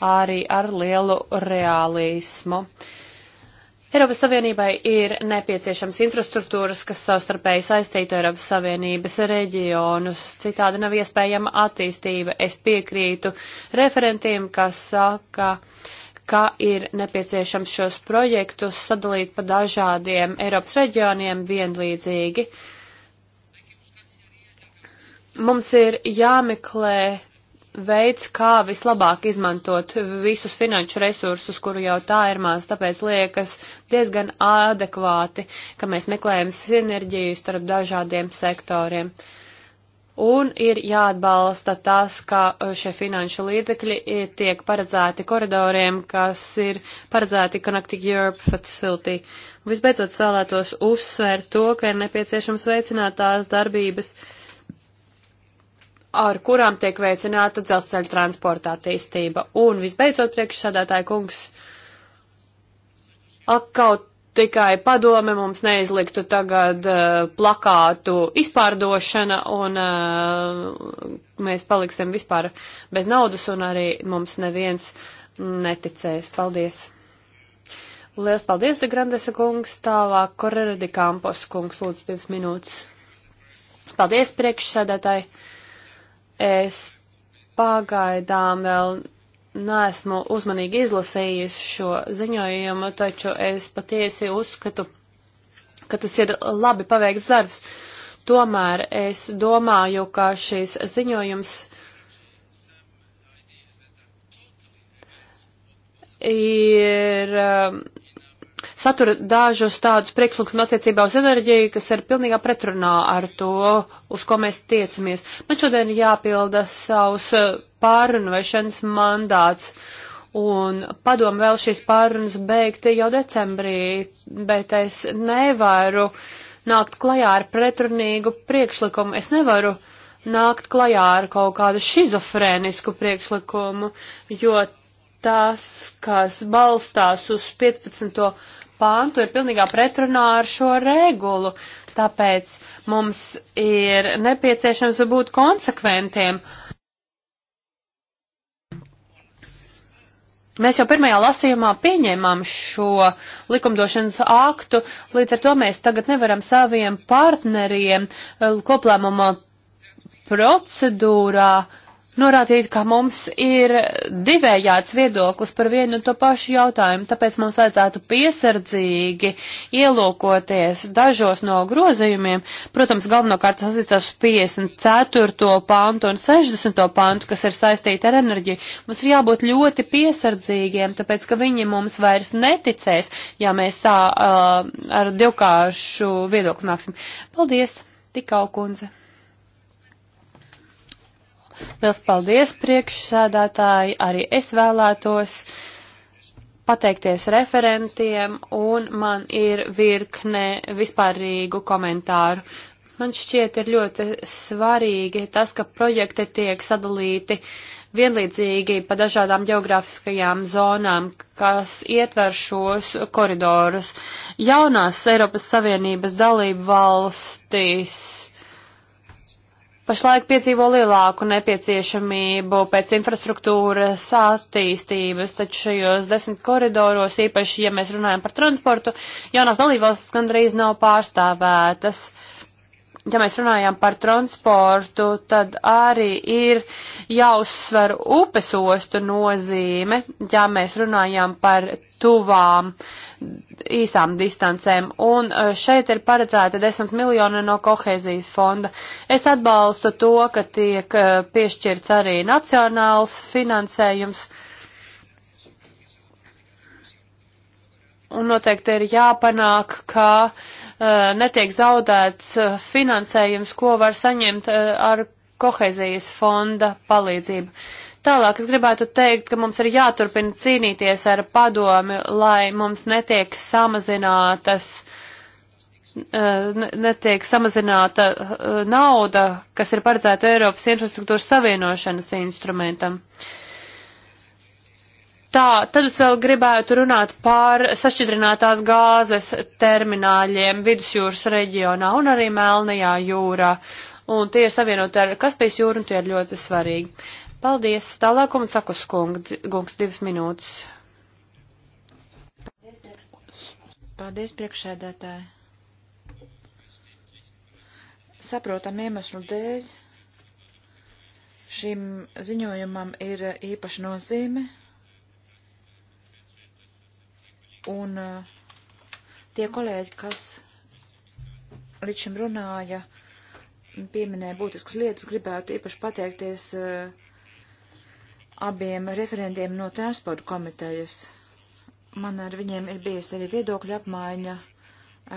arī ar lielu realismu. Eiropas Savienībai ir nepieciešams infrastruktūras, kas savstarpēji saistītu Eiropas Savienības reģionus. Citādi nav iespējama attīstība. Es piekrītu referentiem, kas saka, ka ka ir nepieciešams šos projektus sadalīt pa dažādiem Eiropas reģioniem vienlīdzīgi. Mums ir jāmeklē veids, kā vislabāk izmantot visus finanšu resursus, kuru jau tā ir maz, tāpēc liekas diezgan adekvāti, ka mēs meklējam sinerģiju starp dažādiem sektoriem. Uh, un ir jāatbalsta tas, ka uh, šie finanšu līdzekļi tiek paredzēti koridoriem, kas ir paredzēti Connecting Europe Facility. Visbeidzot, vēlētos uzsvērt to, ka ir nepieciešams veicināt tās darbības, ar kurām tiek veicināta dzelzceļa transporta attīstība. Un visbeidzot, priekšsādātāja kungs, kaut tikai padome mums neizliktu tagad uh, plakātu izpārdošana un uh, mēs paliksim vispār bez naudas un arī mums neviens neticēs. Paldies! Lielas paldies, De Grandesa kungs, tālāk Korera de Campos kungs, lūdzu, divas minūtes. Paldies, priekšsēdētāji! Es pagaidām vēl neesmu uzmanīgi izlasījis šo ziņojumu, taču es patiesi uzskatu, ka tas ir labi paveikts darbs. Tomēr es domāju, ka šis ziņojums ir um, satura dažus tādus priekšlikumus attiecībā uz enerģiju, kas ir pilnīgā pretrunā ar to, uz ko mēs tiecamies. Man šodien jāpilda savs eh, pārunvešanas mandāts. Un padomu vēl šīs pārunas beigt jau decembrī, bet es nevaru nākt klajā ar pretrunīgu priekšlikumu. Es nevaru nākt klajā ar kaut kādu šizofrēnisku priekšlikumu, jo tas, kas balstās uz 15 pāntu ir pilnīgā pretrunā ar šo regulu. Tāpēc mums ir nepieciešams būt konsekventiem. Mēs jau pirmajā lasījumā pieņēmām šo likumdošanas aktu, līdz ar to mēs tagad nevaram saviem partneriem eh, koplēmumā procedūrā uh, norādīt, ka mums ir divējāds viedoklis par vienu un to pašu jautājumu, tāpēc mums vajadzētu piesardzīgi ielūkoties dažos no grozījumiem. Protams, galvenokārt sasīcās uz 54. pantu un 60. pantu, kas ir saistīti ar enerģiju. Mums ir jābūt ļoti piesardzīgiem, tāpēc, ka viņi mums vairs neticēs, ja mēs tā uh, ar divkāršu viedokli nāksim. Paldies, tikau kundze! Liels paldies, priekšsēdētāji! Arī es vēlētos pateikties referentiem, un man ir virkne vispārīgu komentāru. Man šķiet ir ļoti svarīgi tas, ka projekti tiek sadalīti vienlīdzīgi pa dažādām geogrāfiskajām zonām, kas ietver šos koridorus. Jaunās Eiropas Savienības dalību valstis pašlaik piedzīvo lielāku nepieciešamību pēc infrastruktūras attīstības, taču šajos desmit koridoros, īpaši, ja mēs runājam par transportu, jaunās dalībvalstis gandrīz nav pārstāvētas. Uh, ja mēs runājam par transportu, tad arī ir jāuzsver upes ostu nozīme, ja mēs runājam par tuvām īsām distancēm. Un eh, šeit ir paredzēta 10 miljoni no kohēzijas fonda. Es atbalstu to, ka tiek eh, piešķirts arī nacionāls finansējums. Un noteikti ir jāpanāk, ka uh, Eh, netiek zaudēts eh, finansējums, ko var saņemt eh, ar kohezijas fonda palīdzību. Tālāk es gribētu teikt, ka mums ir jāturpina cīnīties ar padomi, lai mums netiek samazinātas netiek samazināta nauda, kas ir paredzēta Eiropas infrastruktūras savienošanas instrumentam. Uh, Tā, tad es vēl gribētu runāt par sašķidrinātās gāzes termināļiem vidusjūras reģionā un arī Melnajā jūrā. Un tie ir savienoti ar Kaspijas jūru un tie ir ļoti svarīgi. Paldies. Tālāk, un saku skungs, divas minūtes. Paldies, priekš... Paldies priekšsēdētāji. Saprotam iemeslu dēļ. Šim ziņojumam ir īpaša nozīme Un eh, tie kolēģi, kas līdz šim runāja, pieminēja būtiskas lietas, gribētu īpaši pateikties eh, abiem referentiem no transporta komitejas. Man ar viņiem ir bijis arī viedokļa apmaiņa.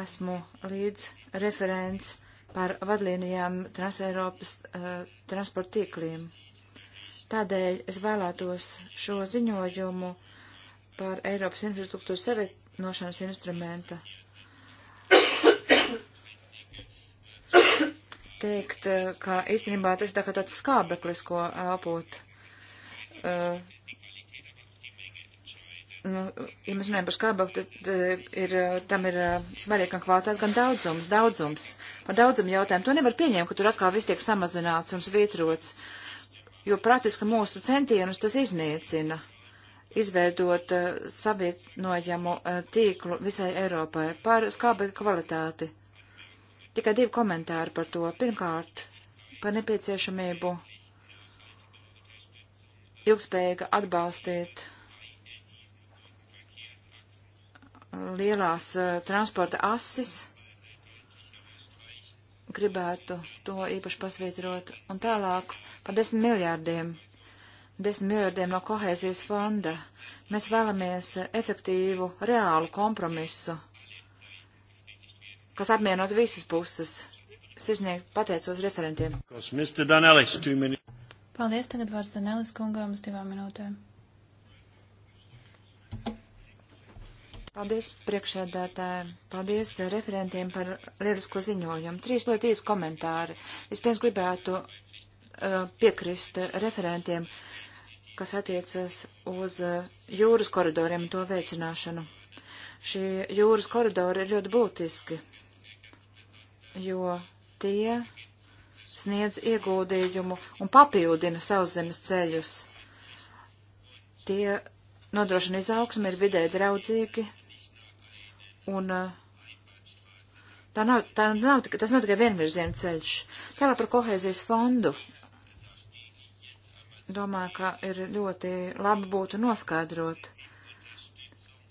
Esmu līdz referents par vadlīnijām Transeiropas uh, transporta tīkliem. Tādēļ es vēlētos šo ziņojumu uh, par Eiropas infrastruktūras savienošanas instrumenta. Teikt, eh, ka īstenībā tas tā kā tāds skābeklis, ko elpot. Uh, nu, ja mēs runājam par skābekli, tad eh, ir, tam ir svarīgi gan kvalitāte, gan daudzums, daudzums. Par daudzumu jautājumu to nevar pieņemt, ka tur atkal viss tiek samazināts un svītrots, jo praktiski mūsu centienus tas iznīcina izveidot eh, savienojamu eh, tīklu visai Eiropai par skābekļa kvalitāti. Tikai divi komentāri par to. Pirmkārt, par nepieciešamību ilgspējīga atbalstīt eh, lielās transporta asis. Gribētu to īpaši pasvītrot. Un tālāk par desmit miljārdiem 10 miljardiem no kohēzijas fonda. Mēs vēlamies efektīvu, reālu kompromisu, kas apmienot visas puses. Sirsnieki pateicos referentiem. Paldies, tagad vārds Danelis kungām uz divām minūtēm. Paldies priekšsēdētājiem, paldies referentiem par lielisko ziņojumu. Trīs ļoti īsti komentāri. Vispirms gribētu uh, piekrist referentiem. Uh, kas attiecas uz uh, jūras koridoriem un to veicināšanu. Šie jūras koridori ir ļoti būtiski, jo tie sniedz ieguldījumu un papildina sauszemes ceļus. Tie nodrošina izaugsmi, ir vidē draudzīgi, un uh, tā nav, tā nav, tas nav tikai vienvirziena ceļš. Tālāk par kohēzijas fondu domāju, ka ir ļoti labi būtu noskaidrot,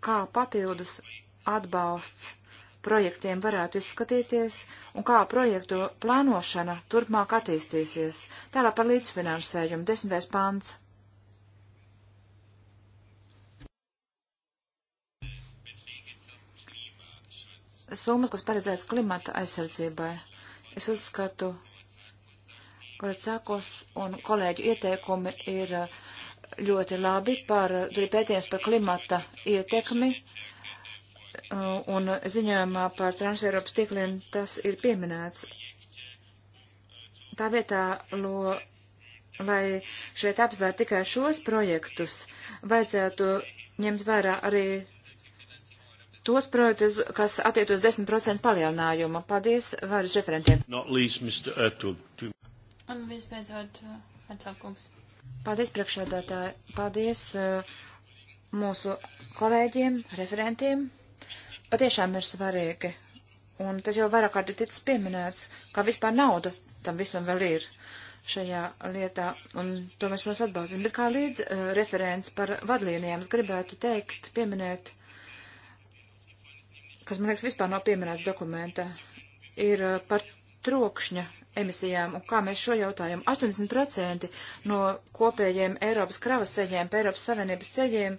kā papildus atbalsts projektiem varētu izskatīties un kā projektu plānošana turpmāk attīstīsies. Tālāk par līdzfinansējumu, desmitais pants. Summas, kas paredzētas klimata aizsardzībai, es uzskatu, Koracakos un kolēģi ieteikumi ir eh, ļoti labi par, tur ir pētījums par klimata ietekmi eh, un ziņojumā par Transeiropas tīkliem tas ir pieminēts. Tā vietā, lo, lai šeit aptvērt tikai šos projektus, vajadzētu ņemt vērā arī tos projektus, kas attiecos 10% palielinājumu. Paldies vairs referentiem. Least, Ertug, Un visbeidzot, atsākums. Paldies, priekšādātāji. Paldies uh, mūsu kolēģiem, referentiem. Patiešām ir svarīgi. Un tas jau vairāk kārt ir ticis pieminēts, ka vispār nauda tam visam vēl ir šajā lietā, un to mēs, protams, atbalstīsim. Bet kā līdz uh, referents par vadlīnijām, es gribētu teikt, pieminēt, kas, man liekas, vispār nav pieminēts dokumenta, ir uh, par trokšņa emisijām un kā mēs šo jautājumu. 80% no kopējiem Eiropas kravas ceļiem, pa Eiropas Savienības ceļiem,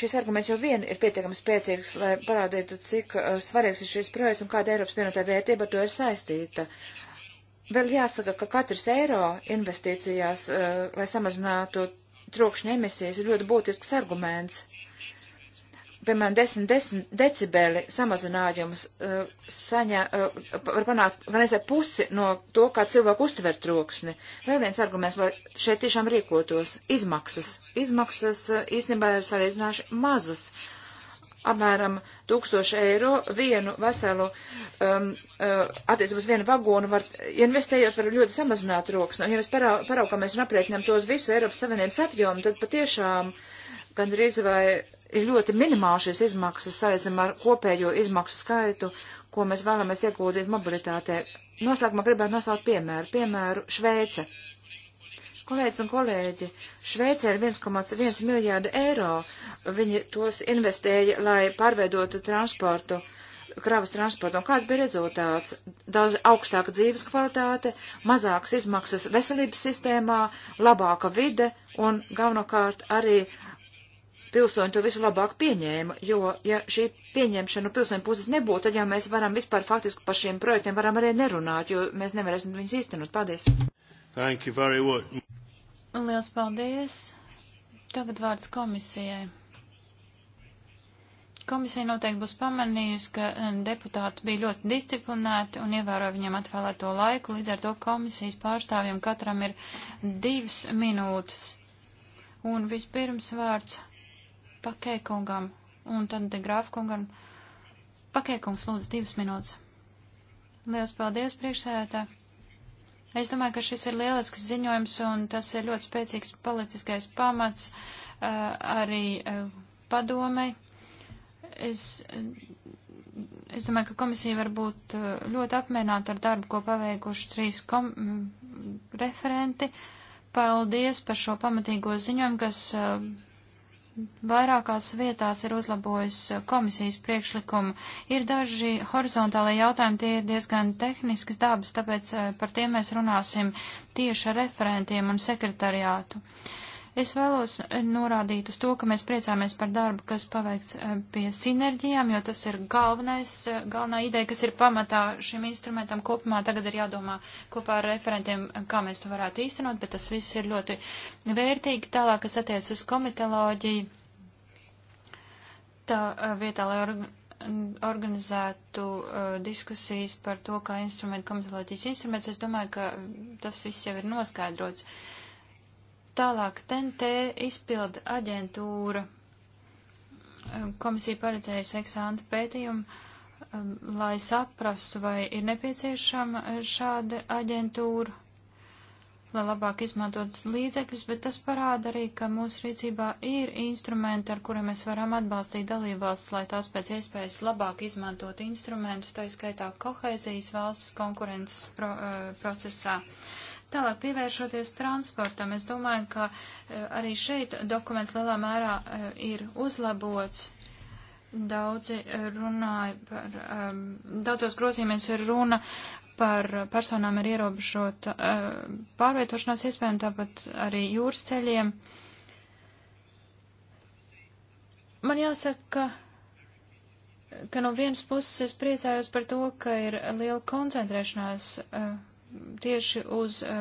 šis arguments jau vien ir pietiekami spēcīgs, lai parādītu, cik uh, svarīgs ir šis projekts un kāda Eiropas vienotā vērtība ar to ir saistīta. Vēl jāsaka, ka katrs eiro investīcijās, uh, lai samazinātu trokšņa emisijas, ir ļoti būtisks arguments piemēram, 10, 10 decibeli samazinājums uh, eh, saņa, uh, eh, var panākt gandrīz pusi no to, kā cilvēku uztver troksni. Vēl viens arguments, lai šeit tiešām rīkotos - izmaksas. Izmaksas uh, īstenībā ir salīdzināši mazas. Apmēram 1000 eiro vienu veselu, um, uh, attiecībos vienu vagonu, var, ja investējot, var ļoti samazināt troksni. Un, ja mēs parau, paraukamies un aprēķinām tos visu Eiropas Savienības apjomu, tad patiešām gandrīz vai ir ļoti minimāli šīs izmaksas saistībā ar kopējo izmaksu skaitu, ko mēs vēlamies iegūdīt mobilitātē. Noslēgumā gribētu nosaukt piemēru. Piemēru Šveice. Kolēģis un kolēģi, Šveicē ir 1,1 miljārdu eiro. Viņi tos investēja, lai pārveidotu transportu, kravas transportu. Un kāds bija rezultāts? Daudz augstāka dzīves kvalitāte, mazākas izmaksas veselības sistēmā, labāka vide un galvenokārt arī pilsoņi to visu labāk pieņēma, jo, ja šī pieņemšana pilsoņu puses nebūtu, tad jau mēs varam vispār faktiski par šiem projektiem varam arī nerunāt, jo mēs nevarēsim viņus īstenot. Paldies! Thank you very much. Liels paldies! Tagad vārds komisijai. Komisija noteikti būs pamanījusi, ka eh, deputāti bija ļoti disciplinēti un ievēroja viņiem atvēlēto laiku, līdz ar to komisijas pārstāvjiem katram ir divas minūtes. Un vispirms vārds Pakēkungam un tad de Grāfkungam. Pakēkungs lūdzu divas minūtes. Liels paldies, priekšsēdētā. Es domāju, ka šis ir lielisks ziņojums un tas ir ļoti spēcīgs politiskais pamats uh, arī uh, padomei. Es, es domāju, ka komisija var būt uh, ļoti apmierināta ar darbu, ko paveikuši trīs kom referenti. Paldies par šo pamatīgo ziņojumu, kas uh, vairākās vietās ir uzlabojis komisijas priekšlikumu. Ir daži horizontālai jautājumi, tie ir diezgan tehniskas dabas, tāpēc eh, par tiem mēs runāsim tieši ar referentiem un sekretariātu. Uh, Es vēlos eh, norādīt uz to, ka mēs priecāmies par darbu, kas paveikts eh, pie sinerģijām, jo tas ir galvenais, eh, galvenā ideja, kas ir pamatā šim instrumentam kopumā. Tagad ir jādomā kopā ar referentiem, kā mēs to varētu īstenot, bet tas viss ir ļoti vērtīgi. Tālāk, kas attiec uz komitoloģiju, tā vietā, lai organ organizētu uh, diskusijas par to, kā instrumenta komitoloģijas instruments, es domāju, ka tas viss jau ir noskaidrots. Uh, Tālāk, TNT izpilda aģentūra. Komisija paredzējusi eksāntu pētījumu, lai saprastu, vai ir nepieciešama eh, šāda aģentūra, lai labāk izmantot līdzekļus, bet tas parāda arī, ka mūsu rīcībā ir instrumenti, ar kuriem mēs varam atbalstīt dalībvalstis, lai tās pēc iespējas labāk izmantot instrumentus, tā izskaitā kohēzijas valsts konkurences pro, eh, procesā. Uh, Tālāk pievēršoties transportam, es domāju, ka e, arī šeit dokuments lielā mērā e, ir uzlabots. Daudzi runāja par, um, daudzos grozījumies ir runa par personām ar ierobežotu uh, e, pārvietošanās iespējām, tāpat arī jūras ceļiem. Man jāsaka, ka ka no vienas puses es priecājos par to, ka ir liela koncentrēšanās uh, tieši uz eh,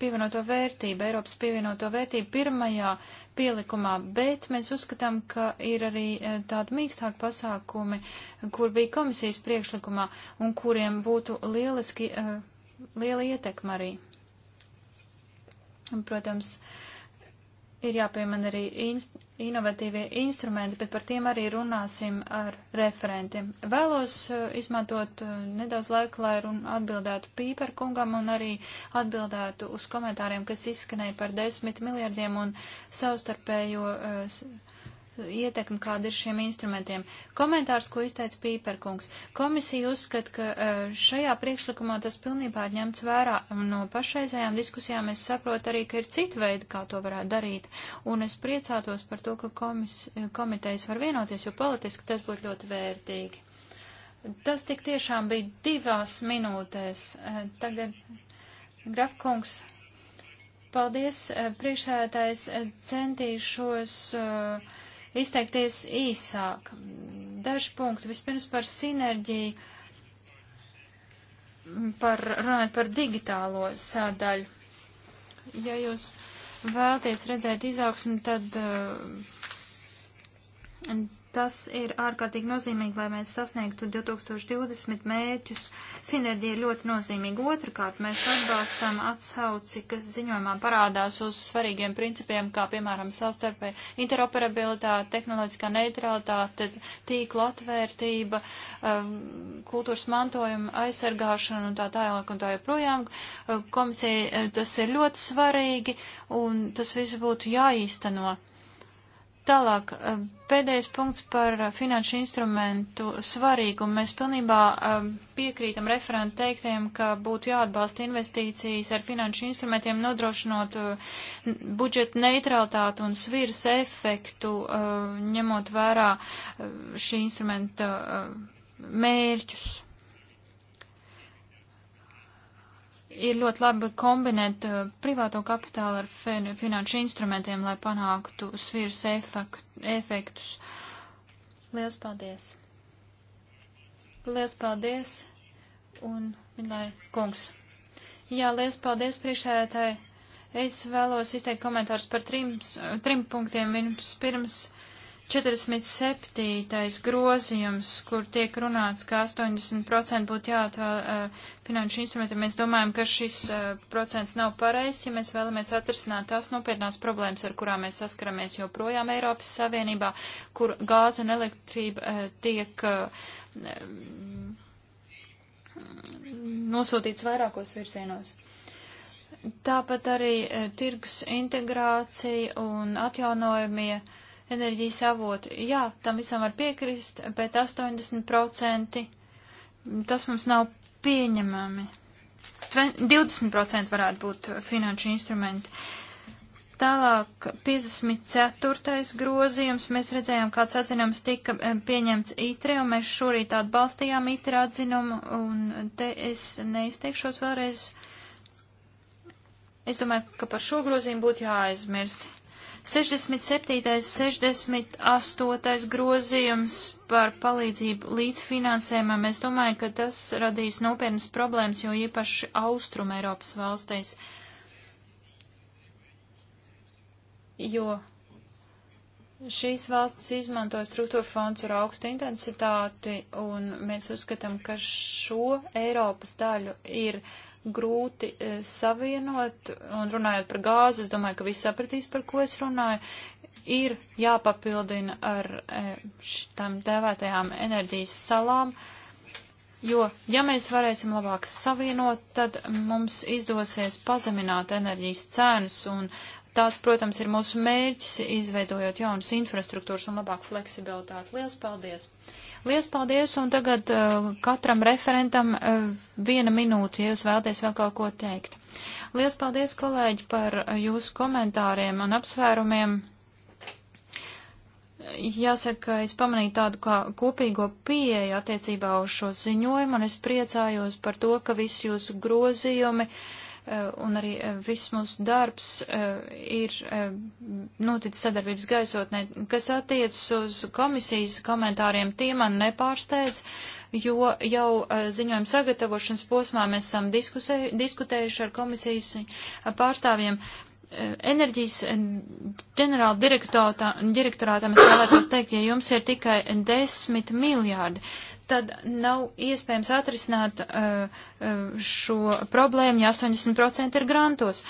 pievienoto vērtību, Eiropas pievienoto vērtību pirmajā pielikumā, bet mēs uzskatām, ka ir arī eh, tādi mīkstāki pasākumi, kur bija komisijas priekšlikumā un kuriem būtu lieliski, eh, liela ietekma arī. Protams, ir jāpiemina arī inst inovatīvie instrumenti, bet par tiem arī runāsim ar referentiem. Vēlos uh, izmantot uh, nedaudz laika, lai atbildētu Pīper kungam un arī atbildētu uz komentāriem, kas izskanēja par desmit miljardiem un savstarpējo uh, ietekmi, kāda ir šiem instrumentiem. Komentārs, ko izteica Pīperkungs. Komisija uzskata, ka eh, šajā priekšlikumā tas pilnībā ir ņemts vērā. No pašreizējām diskusijām es saprotu arī, ka ir cita veida, kā to varētu darīt. Un es priecātos par to, ka komis, komitejas var vienoties, jo politiski tas būtu ļoti vērtīgi. Tas tik tiešām bija divās minūtēs. Eh, tagad Grafkungs. Paldies, eh, priekšsēdētājs, centīšos uh, izteikties īsāk. Daži punkti. Vispirms par sinerģiju, par, runājot par digitālo sādaļu. Ja jūs vēlties redzēt izaugsmi, tad uh, Tas ir ārkārtīgi nozīmīgi, lai mēs sasniegtu 2020 mērķus. Sinerģija ir ļoti nozīmīga. Otrakārt, mēs atbalstam atsauci, kas ziņojumā parādās uz svarīgiem principiem, kā piemēram savstarpē interoperabilitāte, tehnoloģiskā neutralitāte, tīkla atvērtība, um, kultūras mantojuma aizsargāšana un tā tālāk un tā joprojām. Uh, komisija uh, tas ir ļoti svarīgi un tas viss būtu jāīsteno. Tālāk, eh, pēdējais punkts par eh, finanšu instrumentu svarīgumu. Mēs pilnībā eh, piekrītam referentu teiktiem, ka būtu jāatbalsta investīcijas ar finanšu instrumentiem, nodrošinot budžeta neutralitātu un sviras efektu, ņemot vērā šī instrumenta mērķus. ir ļoti labi kombinēt uh, privāto kapitālu ar finanšu instrumentiem, lai panāktu svirs efektus. Liels paldies! Liels paldies! Un, lai kungs! Jā, liels paldies priekšsēdētāji! Es vēlos izteikt komentārus par trim, trim punktiem. Pirms, pirms 47. grozījums, kur tiek runāts, ka 80% būtu jāatvēl uh, finanšu instrumentiem, mēs domājam, ka šis uh, procents nav pareizs, ja mēs vēlamies atrisināt tās nopietnās problēmas, ar kurām mēs saskaramies joprojām Eiropas Savienībā, kur gāze un elektrība uh, tiek uh, nosūtīts vairākos virzienos. Tāpat arī uh, tirgus integrācija un atjaunojumie uh, enerģijas avotu. Jā, tam visam var piekrist, bet 80% tas mums nav pieņemami. 20% varētu būt finanšu instrumenti. Tālāk, 54. grozījums, mēs redzējām, kāds atzinums tika eh, pieņemts ITRE, un mēs šorīt atbalstījām ITRE atzinumu, un te es neizteikšos vēlreiz. Es domāju, ka par šo grozījumu būtu jāaizmirst. 67. 68. grozījums par palīdzību līdzfinansējumam, es domāju, ka tas radīs nopietnas problēmas, jo īpaši Austrum Eiropas valstīs. Jo Šīs valstis izmanto struktūra fonds ar augstu intensitāti, un mēs uzskatām, ka šo Eiropas daļu ir grūti e, savienot, un runājot par gāzi, es domāju, ka visi sapratīs, par ko es runāju, ir jāpapildina ar e, šitām dēvētajām enerģijas salām, jo, ja mēs varēsim labāk savienot, tad mums izdosies pazemināt enerģijas cenas un Tāds, protams, ir mūsu mērķis, izveidojot jaunas infrastruktūras un labāku fleksibilitāti. Lielas paldies! Lielas paldies, un tagad uh, katram referentam uh, viena minūte, ja jūs vēlaties vēl kaut ko teikt. Lielas paldies, kolēģi, par uh, jūsu komentāriem un apsvērumiem. Jāsaka, es pamanīju tādu kā kopīgo pieeju attiecībā uz šo ziņojumu, un es priecājos par to, ka visi jūsu grozījumi uh, Eh, un arī eh, viss mūsu darbs eh, ir noticis sadarbības gaisotnē. Kas attiecas uz komisijas komentāriem, tie man nepārsteidz, jo jau ziņojuma sagatavošanas posmā mēs esam diskusē, diskutējuši ar komisijas pārstāvjiem. Enerģijas ģenerāla direktorātam es vēlētos teikt, ja jums ir tikai desmit miljārdi, tad nav iespējams atrisināt uh, uh šo problēmu, ja 80% ir grantos,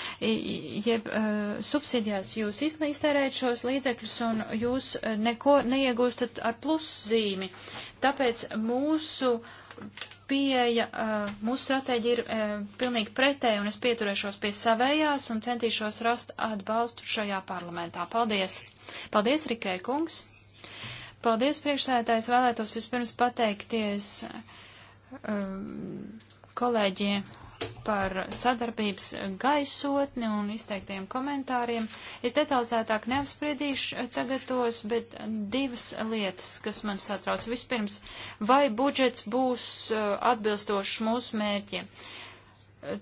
jeb uh, subsidijās jūs iztērējat šos līdzekļus un jūs uh, neko neiegūstat ar pluszīmi. Tāpēc mūsu pieeja, uh, mūsu stratēģija ir uh, pilnīgi pretēja, un es pieturēšos pie savējās un centīšos rast atbalstu šajā parlamentā. Paldies! Paldies, Rikē kungs! Paldies, priekšsēdētājs, vēlētos vispirms pateikties um, kolēģiem par sadarbības gaisotni un izteiktajiem komentāriem. Es detalizētāk neapspriedīšu tagad tos, bet divas lietas, kas man satrauc. Vispirms, vai budžets būs uh, atbilstošs mūsu mērķiem?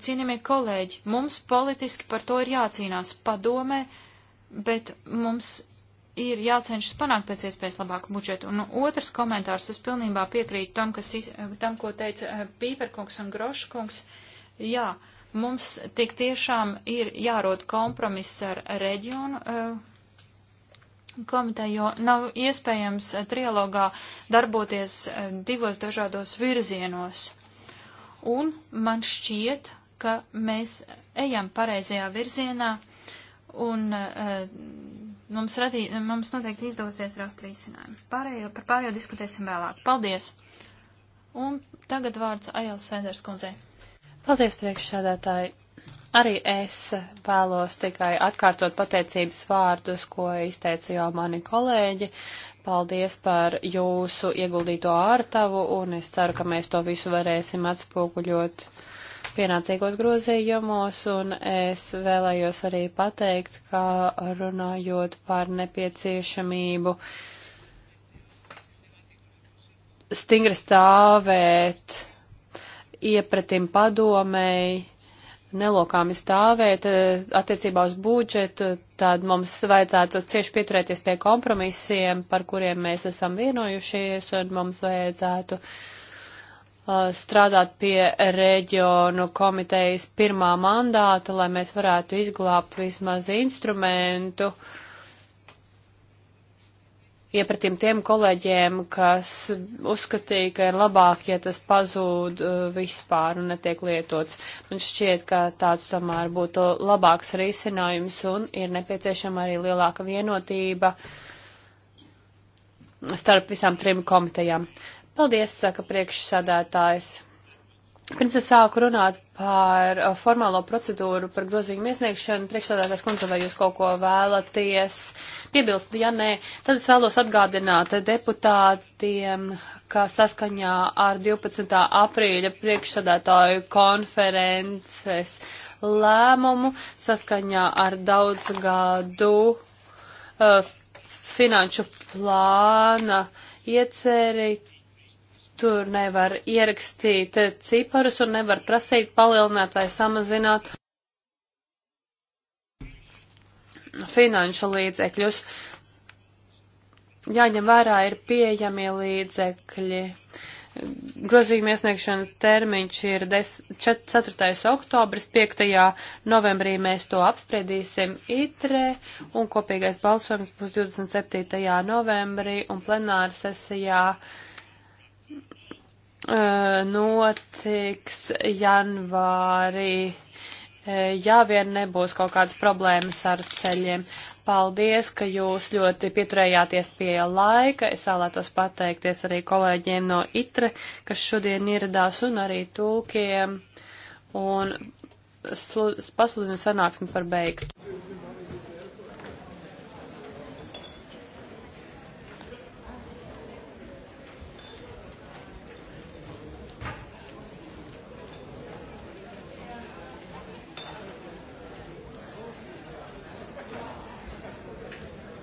Cienījamie kolēģi, mums politiski par to ir jācīnās padomē, bet mums ir jācenšas panākt pēc iespējas labāku budžetu. Un otrs komentārs, es pilnībā piekrītu tam, kas, tam ko teica eh, Pīperkungs un Groškungs. Jā, mums tik tiešām ir jārod kompromiss ar reģionu eh, komiteju, jo nav iespējams eh, trialogā darboties divos dažādos virzienos. Un man šķiet, ka mēs ejam pareizajā virzienā un uh, mums, radī, mums noteikti izdosies rast risinājumu. Pārējo, par pārējo diskutēsim vēlāk. Paldies! Un tagad vārds Ails Sēders kundzei. Paldies, priekšsādātāji! Arī es vēlos tikai atkārtot pateicības vārdus, ko izteica jau mani kolēģi. Paldies par jūsu ieguldīto ārtavu, un es ceru, ka mēs to visu varēsim atspoguļot uh, pienācīgos grozījumos, un es vēlējos arī pateikt, ka runājot par nepieciešamību stingri stāvēt iepratim padomēji, nelokāmi stāvēt eh, attiecībā uz budžetu, tad mums vajadzētu cieši pieturēties pie kompromisiem, par kuriem mēs esam vienojušies, un mums vajadzētu uh, Uh, strādāt pie reģionu komitejas pirmā mandāta, lai mēs varētu izglābt vismaz instrumentu iepratīm tiem kolēģiem, kas uzskatīja, ka ir labāk, ja tas pazūd uh, vispār un netiek lietots. Man šķiet, ka tāds tomēr būtu labāks risinājums un ir nepieciešama arī lielāka vienotība starp visām trim komitejām. Uh, Paldies, saka priekšsādātājs. Pirms es sāku runāt par uh, formālo procedūru, par grozījumu iesniegšanu, priekšsādātājs kundze, vai jūs kaut ko vēlaties piebilst? Ja nē, tad es vēlos atgādināt deputātiem, ka saskaņā ar 12. aprīļa priekšsādātāju konferences lēmumu, saskaņā ar daudzgadu uh, finanšu plāna iecerīt Tur nevar ierakstīt ciparus un nevar prasīt palielināt vai samazināt finanšu līdzekļus. Jāņem vērā ir pieejamie līdzekļi. Grozījuma iesniegšanas termiņš ir 4. oktobris, 5. novembrī mēs to apspriedīsim itrē, un kopīgais balsojums būs 27. novembrī, un plenāra sesijā uh, Eh, notiks janvārī, eh, ja vien nebūs kaut kādas problēmas ar ceļiem. Paldies, ka jūs ļoti pieturējāties pie laika. Es vēlētos pateikties arī kolēģiem no ITRE, kas šodien ieradās, un arī tulkiem. Un pasludinu sanāksmi par beigtu.